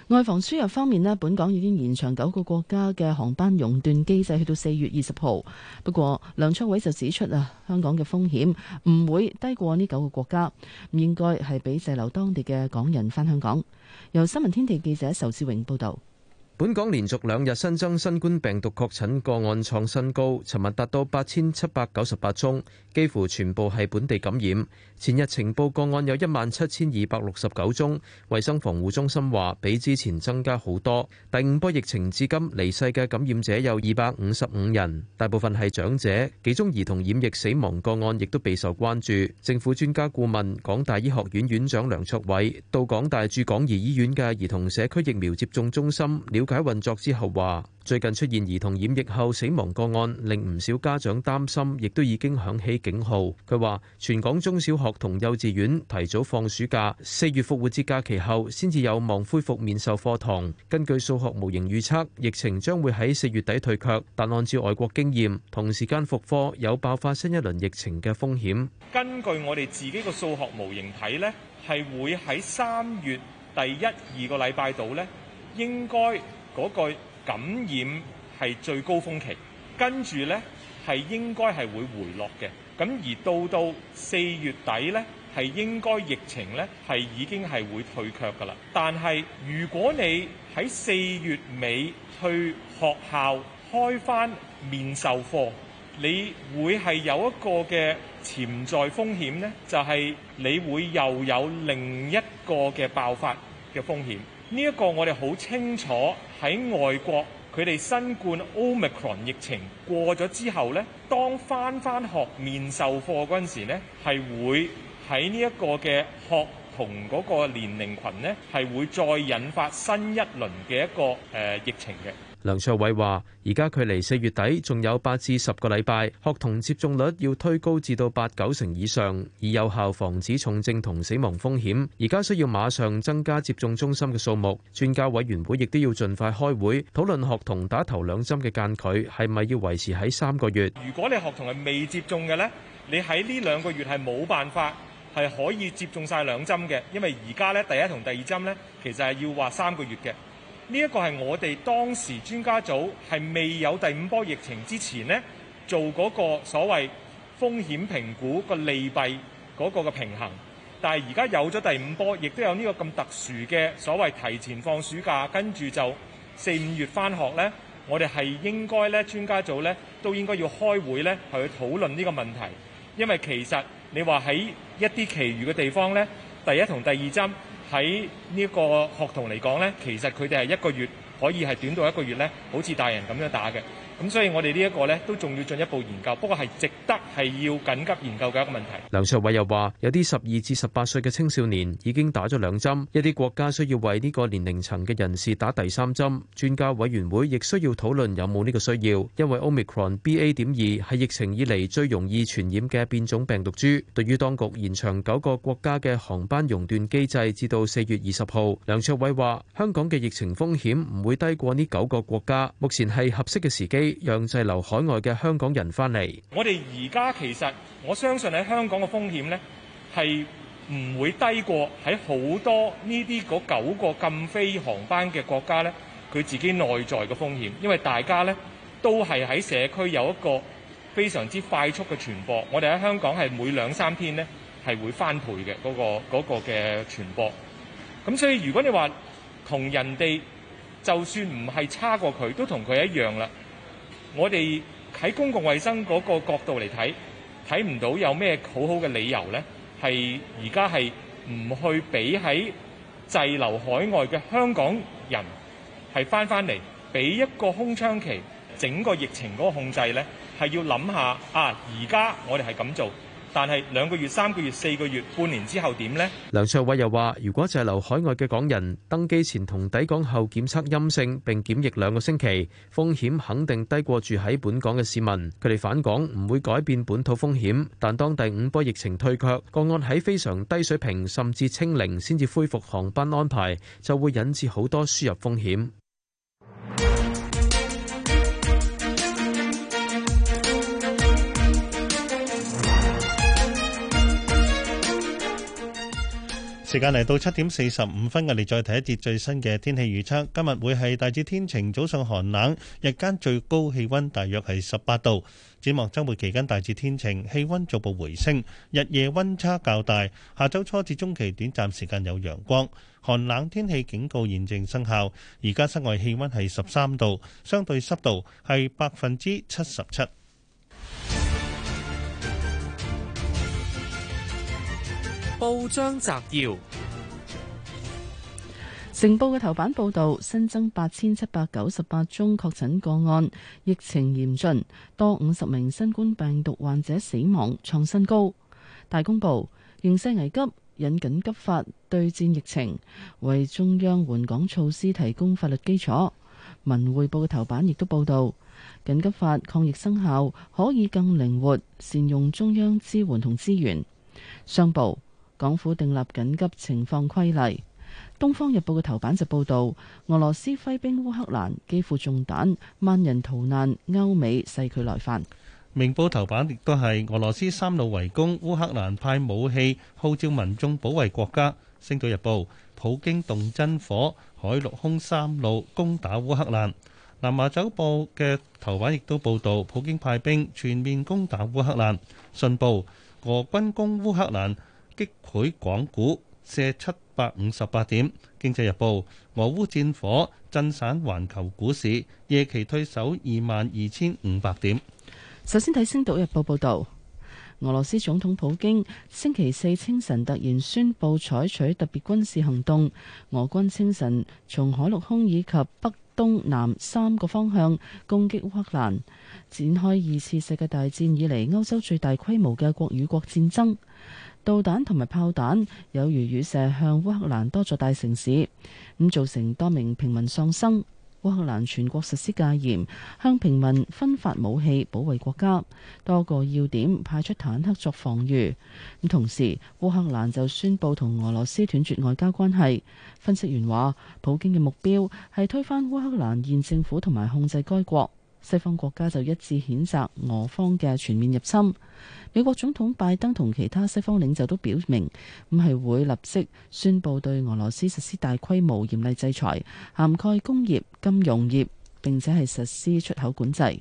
外防輸入方面咧，本港已經延長九個國家嘅航班熔斷機制，去到四月二十號。不過梁卓偉就指出啊，香港嘅風險唔會低過呢九個國家，唔應該係俾滯留當地嘅港人返香港。由新聞天地記者仇志榮報道。本港連續兩日新增新冠病毒確診個案創新高，尋日達到八千七百九十八宗，幾乎全部係本地感染。前日情報個案有一萬七千二百六十九宗，衞生防護中心話比之前增加好多。第五波疫情至今離世嘅感染者有二百五十五人，大部分係長者，其中兒童染疫死亡個案亦都備受關注。政府專家顧問、港大醫學院院長梁卓偉到港大駐港怡醫院嘅兒童社區疫苗接種中心了解。喺運作之後話，最近出現兒童染疫後死亡個案，令唔少家長擔心，亦都已經響起警號。佢話全港中小學同幼稚園提早放暑假，四月復活節假期後先至有望恢復面授課堂。根據數學模型預測，疫情將會喺四月底退卻，但按照外國經驗，同時間復課有爆發新一輪疫情嘅風險。根據我哋自己嘅數學模型睇呢，係會喺三月第一二個禮拜度呢，應該。嗰個感染係最高峯期，跟住咧係應該係會回落嘅。咁而到到四月底咧，係應該疫情咧係已經係會退卻噶啦。但係如果你喺四月尾去學校開翻面授課，你會係有一個嘅潛在風險咧，就係你會又有另一個嘅爆發嘅風險。呢一個我哋好清楚喺外國，佢哋新冠 Omicron 疫情過咗之後呢，當翻返學面授課嗰陣時咧，係會喺呢一個嘅學童嗰個年齡群，呢係會再引發新一輪嘅一個誒、呃、疫情嘅。梁卓偉話，而家距離四月底仲有八至十個禮拜，學童接種率要推高至到八九成以上，以有效防止重症同死亡風險。而家需要馬上增加接種中心嘅數目。專家委員會亦都要盡快開會，討論學童打頭兩針嘅間距係咪要維持喺三個月。如果你學童係未接種嘅呢，你喺呢兩個月係冇辦法，係可以接種晒兩針嘅，因為而家呢，第一同第二針呢，其實係要話三個月嘅。呢一個係我哋當時專家組係未有第五波疫情之前呢，做嗰個所謂風險評估個利弊嗰個嘅平衡。但係而家有咗第五波，亦都有呢個咁特殊嘅所謂提前放暑假，跟住就四五月返學呢，我哋係應該呢專家組呢，都應該要開會呢，去討論呢個問題。因為其實你話喺一啲其餘嘅地方呢，第一同第二針。喺呢個學童嚟講咧，其實佢哋係一個月可以係短到一個月咧，好似大人咁樣打嘅。咁所以我哋呢一個呢都仲要進一步研究，不過係值得係要緊急研究嘅一個問題。梁卓偉又話：有啲十二至十八歲嘅青少年已經打咗兩針，一啲國家需要為呢個年齡層嘅人士打第三針。專家委員會亦需要討論有冇呢個需要，因為 Omicron BA. 點二係疫情以嚟最容易傳染嘅變種病毒株。對於當局延長九個國家嘅航班熔斷機制至到四月二十號，梁卓偉話：香港嘅疫情風險唔會低過呢九個國家，目前係合適嘅時機。讓滯留海外嘅香港人翻嚟，我哋而家其實我相信喺香港嘅風險呢，係唔會低過喺好多呢啲九個禁飛航班嘅國家呢，佢自己內在嘅風險。因為大家呢都係喺社區有一個非常之快速嘅傳播。我哋喺香港係每兩三天呢，係會翻倍嘅嗰個嗰個嘅傳播。咁所以如果你話同人哋就算唔係差過佢，都同佢一樣啦。我哋喺公共衛生嗰個角度嚟睇，睇唔到有咩好好嘅理由咧？係而家係唔去俾喺滯留海外嘅香港人係翻翻嚟，俾一個空窗期，整個疫情個控制咧，係要諗下啊！而家我哋係咁做。但係兩個月、三個月、四個月、半年之後點呢？梁卓偉又話：如果滯留海外嘅港人登機前同抵港後檢測陰性並檢疫兩個星期，風險肯定低過住喺本港嘅市民。佢哋返港唔會改變本土風險，但當第五波疫情退卻，個案喺非常低水平甚至清零先至恢復航班安排，就會引致好多輸入風險。時間嚟到七點四十五分，我哋再睇一節最新嘅天氣預測。今日會係大致天晴，早上寒冷，日間最高氣溫大約係十八度。展望周末期間大致天晴，氣溫逐步回升，日夜溫差較大。下周初至中期短暫時間有陽光，寒冷天氣警告現正生效。而家室外氣溫係十三度，相對濕度係百分之七十七。報章摘要：成報嘅頭版報道，新增八千七百九十八宗確診個案，疫情嚴峻，多五十名新冠病毒患者死亡，創新高。大公報形勢危急，引緊急法對戰疫情，為中央援港措施提供法律基礎。文匯報嘅頭版亦都報道，緊急法抗疫生效，可以更靈活善用中央支援同資源。商報。港府訂立緊急情況規例。《東方日報》嘅頭版就報道，俄羅斯揮兵烏克蘭，幾乎中彈，萬人逃難。歐美勢懼來犯。《明報》頭版亦都係俄羅斯三路圍攻烏克蘭，派武器號召民眾保衞國家。《星島日報》普京動真火，海陸空三路攻打烏克蘭。《南華早報》嘅頭版亦都報道，普京派兵全面攻打烏克蘭。信報，俄軍攻烏克蘭。擊潰港股瀉七百五十八點。經濟日報，俄烏戰火震散環球股市，夜期退守二萬二千五百點。首先睇《星島日報》報道，俄羅斯總統普京星期四清晨突然宣布採取特別軍事行動，俄軍清晨從海陸空以及北東南三個方向攻擊烏克蘭，展開二次世界大戰以嚟歐洲最大規模嘅國與國戰爭。導彈同埋炮彈有如雨射向烏克蘭多座大城市，咁造成多名平民喪生。烏克蘭全國實施戒嚴，向平民分發武器保衛國家，多個要點派出坦克作防禦。咁同時，烏克蘭就宣布同俄羅斯斷絕外交關係。分析員話，普京嘅目標係推翻烏克蘭現政府同埋控制該國。西方國家就一致譴責俄方嘅全面入侵。美國總統拜登同其他西方領袖都表明，咁係會立即宣布對俄羅斯實施大規模嚴厲制裁，涵蓋工業、金融業，並且係實施出口管制。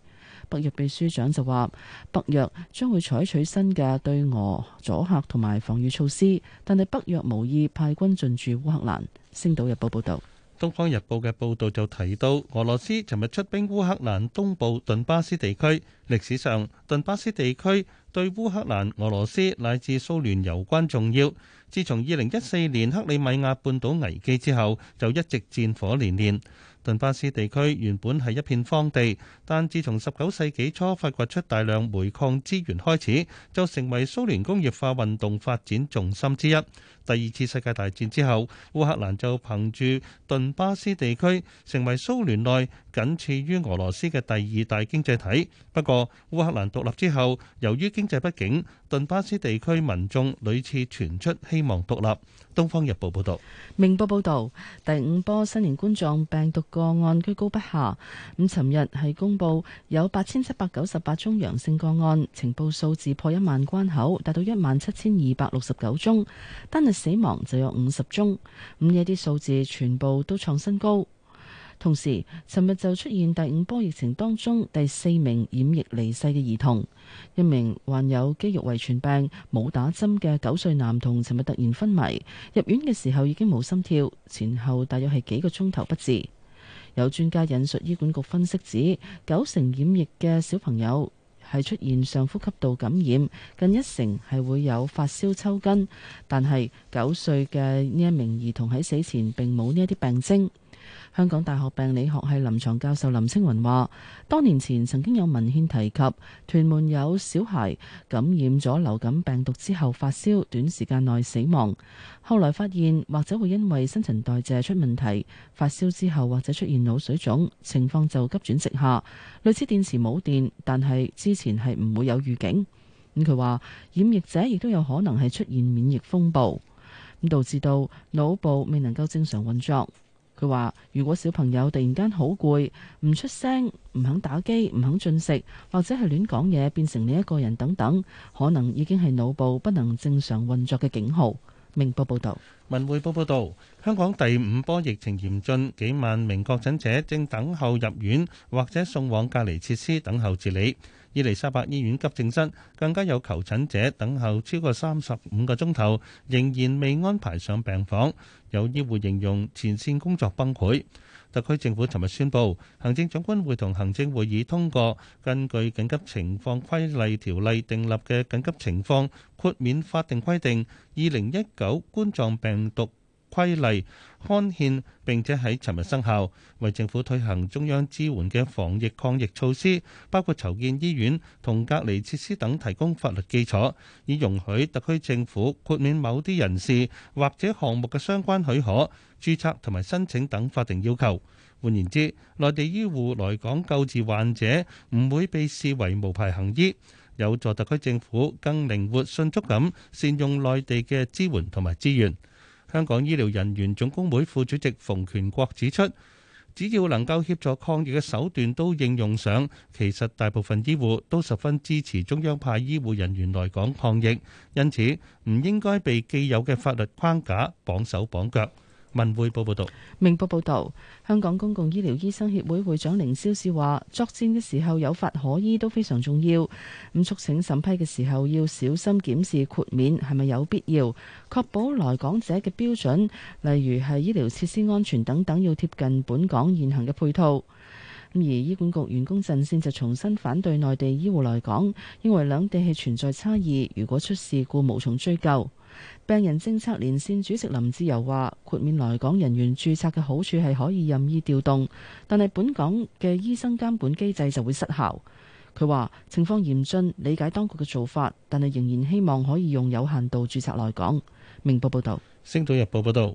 北約秘書長就話，北約將會採取新嘅對俄阻嚇同埋防禦措施，但係北約無意派軍進駐烏克蘭。星島日報報道。《東方日報》嘅報道就提到，俄羅斯尋日出兵烏克蘭東部頓巴斯地區。歷史上，頓巴斯地區對烏克蘭、俄羅斯乃至蘇聯有關重要。自從二零一四年克里米亞半島危機之後，就一直戰火連連。頓巴斯地區原本係一片荒地，但自從十九世紀初發掘出大量煤礦資源開始，就成為蘇聯工業化運動發展重心之一。第二次世界大戰之後，烏克蘭就憑住頓巴斯地區，成為蘇聯內僅次於俄羅斯嘅第二大經濟體。不過烏克蘭獨立之後，由於經濟不景，頓巴斯地區民眾屢次傳出希望獨立。東方日報報道，明報報道，第五波新型冠狀病毒。個案居高不下，咁尋日係公布有八千七百九十八宗陽性個案，情報數字破一萬關口，達到一萬七千二百六十九宗，單日死亡就有五十宗，咁呢啲數字全部都創新高。同時，尋日就出現第五波疫情當中第四名染疫離世嘅兒童，一名患有肌肉遺傳病冇打針嘅九歲男童，尋日突然昏迷，入院嘅時候已經冇心跳，前後大約係幾個鐘頭不治。有專家引述醫管局分析指，九成染疫嘅小朋友係出現上呼吸道感染，近一成係會有發燒抽筋，但係九歲嘅呢一名兒童喺死前並冇呢一啲病徵。香港大學病理學系臨床教授林青雲話：多年前曾經有文獻提及，屯門有小孩感染咗流感病毒之後發燒，短時間內死亡。後來發現，或者會因為新陳代謝出問題，發燒之後或者出現腦水腫，情況就急轉直下，類似電池冇電，但係之前係唔會有預警。咁佢話，染疫者亦都有可能係出現免疫風暴，咁導致到腦部未能夠正常運作。佢話：如果小朋友突然間好攰，唔出聲，唔肯打機，唔肯進食，或者係亂講嘢，變成另一個人等等，可能已經係腦部不能正常運作嘅警號。明報報導，文匯報報導，香港第五波疫情嚴峻，幾萬名確診者正等候入院，或者送往隔離設施等候治理。伊麗莎白醫院急症室更加有求診者等候超過三十五個鐘頭，仍然未安排上病房。有醫護形容前線工作崩潰。特區政府尋日宣布，行政長官會同行政會議通過根據緊急情況規例條例訂立嘅緊急情況豁免法定規定，二零一九冠狀病毒規例刊憲，並且喺尋日生效，為政府推行中央支援嘅防疫抗疫措施，包括籌建醫院同隔離設施等，提供法律基礎，以容許特區政府豁免某啲人士或者項目嘅相關許可、註冊同埋申請等法定要求。換言之，內地醫護來港救治患者唔會被視為無牌行醫，有助特區政府更靈活、迅速咁善用內地嘅支援同埋資源。香港醫療人員總工會副主席馮權國指出，只要能夠協助抗疫嘅手段都應用上，其實大部分醫護都十分支持中央派醫護人員來港抗疫，因此唔應該被既有嘅法律框架綁手綁腳。文匯報報道，明報報道，香港公共醫療醫生協會會長凌霄志話，作戰嘅時候有法可依都非常重要。咁促請審批嘅時候要小心檢視豁免係咪有必要，確保來港者嘅標準，例如係醫療設施安全等等要貼近本港現行嘅配套。咁而醫管局員工陣線就重新反對內地醫護來港，因為兩地係存在差異，如果出事故無從追究。病人政策連線主席林志由話，豁免來港人員註冊嘅好處係可以任意調動，但係本港嘅醫生監管機制就會失效。佢話情況嚴峻，理解當局嘅做法，但係仍然希望可以用有限度註冊來港。明報報道，星島日報報道。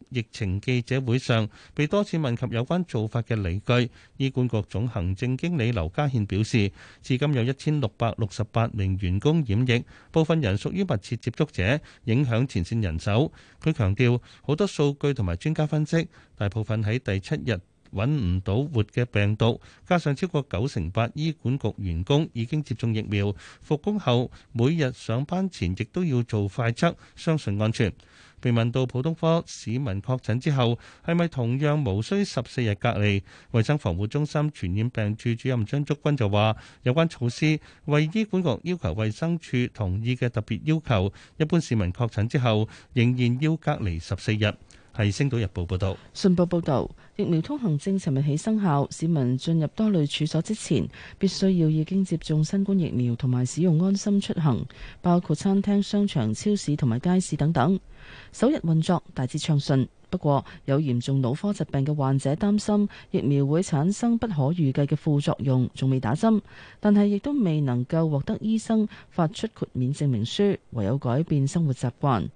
疫情記者會上，被多次問及有關做法嘅理據，醫管局總行政經理劉家憲表示，至今有一千六百六十八名員工染疫，部分人屬於密切接觸者，影響前線人手。佢強調好多數據同埋專家分析，大部分喺第七日搵唔到活嘅病毒，加上超過九成八醫管局員工已經接種疫苗，復工後每日上班前亦都要做快測，相信安全。被問到普通科市民確診之後係咪同樣無需十四日隔離，衞生防護中心傳染病處主任張竹君就話：有關措施為醫管局要求衞生署同意嘅特別要求，一般市民確診之後仍然要隔離十四日。係《星島日報》報道，信報報道，疫苗通行證尋日起生效，市民進入多類處所之前，必須要已經接種新冠疫苗同埋使用安心出行，包括餐廳、商場、超市同埋街市等等。首日運作大致暢順，不過有嚴重腦科疾病嘅患者擔心疫苗會產生不可預計嘅副作用，仲未打針，但係亦都未能夠獲得醫生發出豁免證明書，唯有改變生活習慣。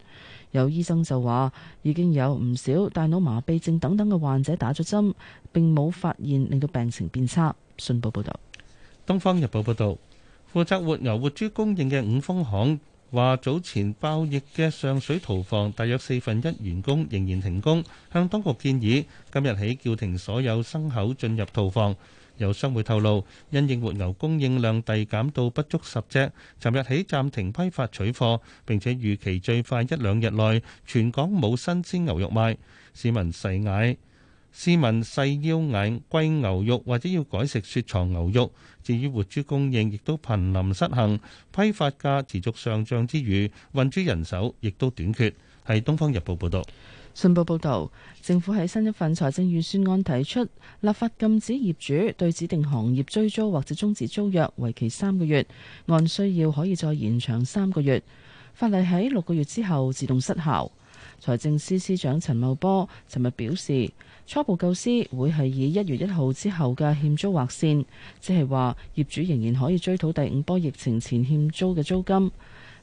有醫生就話，已經有唔少大腦麻痹症等等嘅患者打咗針，並冇發現令到病情變差。信報報導，《東方日報》報導，負責活牛活豬供應嘅五豐行話，早前爆疫嘅上水屠房，大約四分一員工仍然停工，向當局建議今日起叫停所有牲口進入屠房。有商會透露，因應活牛供應量遞減到不足十隻，尋日起暫停批發取貨，並且預期最快一兩日內全港冇新鮮牛肉賣。市民細捱，市民細要捱貴牛肉或者要改食雪藏牛肉。至於活豬供應亦都瀕臨失衡，批發價持續上漲之餘，運豬人手亦都短缺。係《東方日報》報道。信報報導，政府喺新一份財政預算案提出立法禁止業主對指定行業追租或者終止租約，為期三個月，按需要可以再延長三個月。法例喺六個月之後自動失效。財政司司長陳茂波尋日表示，初步構思會係以一月一號之後嘅欠租劃線，即係話業主仍然可以追討第五波疫情前欠租嘅租金。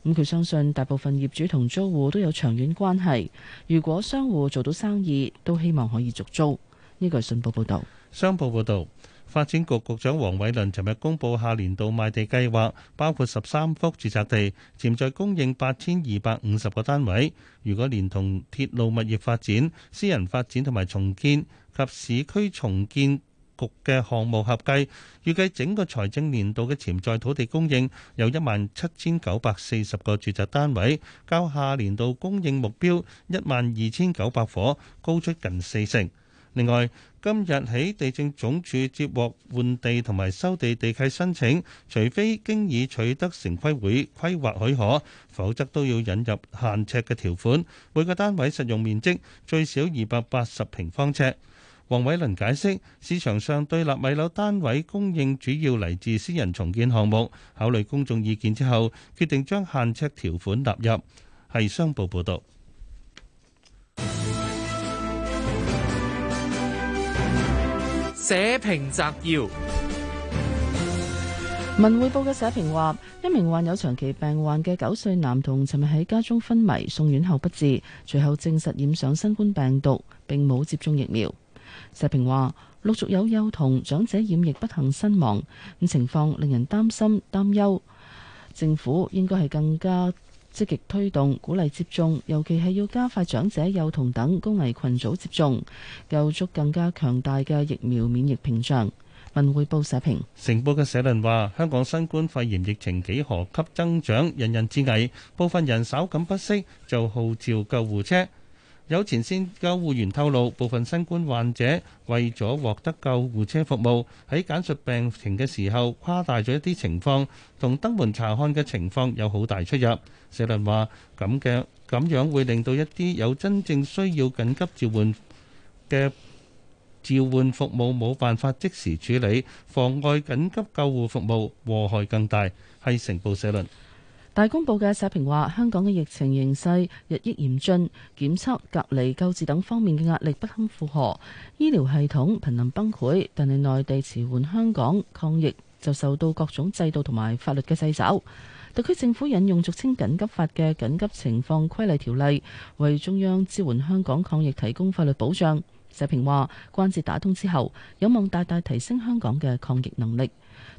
咁佢相信大部分業主同租戶都有長遠關係。如果商戶做到生意，都希望可以續租。呢個係信報報道。商報報道，發展局局長黃偉倫尋日公布下年度賣地計劃，包括十三幅住宅地，潛在供應八千二百五十個單位。如果連同鐵路物業發展、私人發展同埋重建及市區重建局嘅項目合計，預計整個財政年度嘅潛在土地供應有一萬七千九百四十個住宅單位，較下年度供應目標一萬二千九百夥高出近四成。另外，今日起地政總署接獲換地同埋收地地契申請，除非經已取得城規會規劃許可，否則都要引入限尺嘅條款，每個單位實用面積最少二百八十平方尺。黃偉倫解釋，市場上對納米樓單位供應主要嚟自私人重建項目。考慮公眾意見之後，決定將限尺條款納入。係商報報道。社評摘要：文匯報嘅社評話，一名患有長期病患嘅九歲男童，尋日喺家中昏迷，送院後不治，隨後證實染上新冠病毒，並冇接種疫苗。社評話，陸續有幼童、長者染疫不幸身亡，咁情況令人擔心擔憂。政府應該係更加積極推動鼓勵接種，尤其係要加快長者、幼童等高危群組接種，構築更加強大嘅疫苗免疫屏障。文匯報社評。成報嘅社論話，香港新冠肺炎疫情幾何級增長，人人之危，部分人稍感不適就號召救護車。有前線救護員透露，部分新冠患者為咗獲得救護車服務，喺簡述病情嘅時候誇大咗一啲情況，同登門查看嘅情況有好大出入。社論話：咁嘅咁樣會令到一啲有真正需要緊急召喚嘅召喚服務冇辦法即時處理，妨礙緊急救護服務，禍害更大。係成報社論。大公報嘅社評話：香港嘅疫情形勢日益嚴峻，檢測、隔離、救治等方面嘅壓力不堪負荷，醫療系統瀕臨崩潰。但係內地馳援香港抗疫就受到各種制度同埋法律嘅掣肘。特區政府引用俗稱緊急法嘅緊急情況規例條例，為中央支援香港抗疫提供法律保障。社評話：關節打通之後，有望大大提升香港嘅抗疫能力。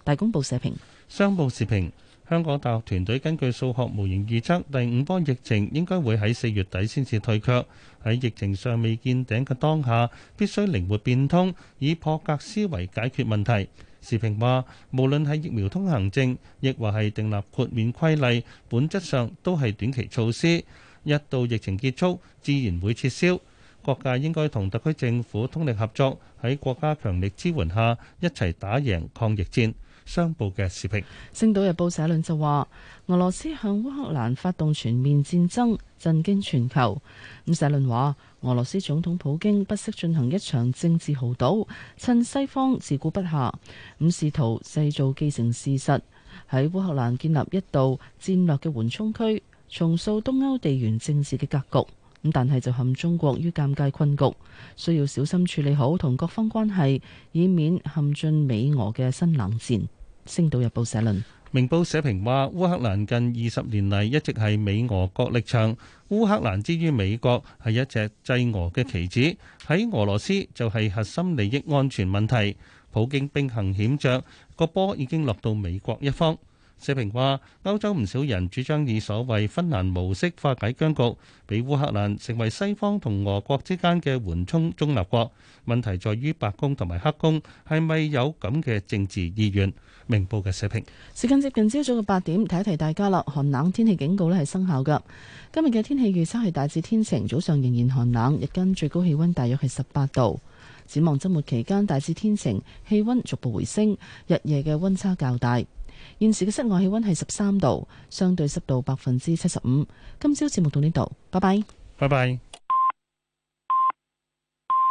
大公報社評，商報時評。香港大學團隊根據數學模型預測，第五波疫情應該會喺四月底先至退卻。喺疫情尚未見頂嘅當下，必須靈活變通，以破格思維解決問題。時評話，無論係疫苗通行證，亦或係訂立豁免規例，本質上都係短期措施，一到疫情結束，自然會撤銷。各界應該同特區政府通力合作，喺國家強力支援下，一齊打贏抗疫戰。商報嘅視頻，《星島日報》社論就話：俄羅斯向烏克蘭發動全面戰爭，震驚全球。咁社論話：俄羅斯總統普京不惜進行一場政治豪賭，趁西方自顧不暇，咁試圖製造既成事實，喺烏克蘭建立一道戰略嘅緩衝區，重塑東歐地緣政治嘅格局。咁但係就陷中國於尷尬困局，需要小心處理好同各方關係，以免陷進美俄嘅新冷戰。星島日報社論：明報社評話，烏克蘭近二十年嚟一直係美俄角力場。烏克蘭之於美國係一隻制俄嘅棋子，喺俄羅斯就係核心利益安全問題。普京兵行險着，個波已經落到美國一方。社評話，歐洲唔少人主張以所謂芬蘭模式化解僵局，俾烏克蘭成為西方同俄國之間嘅緩衝中立國。問題在於白宮同埋黑宮係咪有咁嘅政治意願？明報嘅社評。時間接近朝早嘅八點，提一提大家啦。寒冷天氣警告咧係生效嘅。今日嘅天氣預測係大致天晴，早上仍然寒冷，日間最高氣溫大約係十八度。展望周末期間大致天晴，氣溫逐步回升，日夜嘅溫差較大。現時嘅室外氣溫係十三度，相對濕度百分之七十五。今朝節目到呢度，拜拜，拜拜。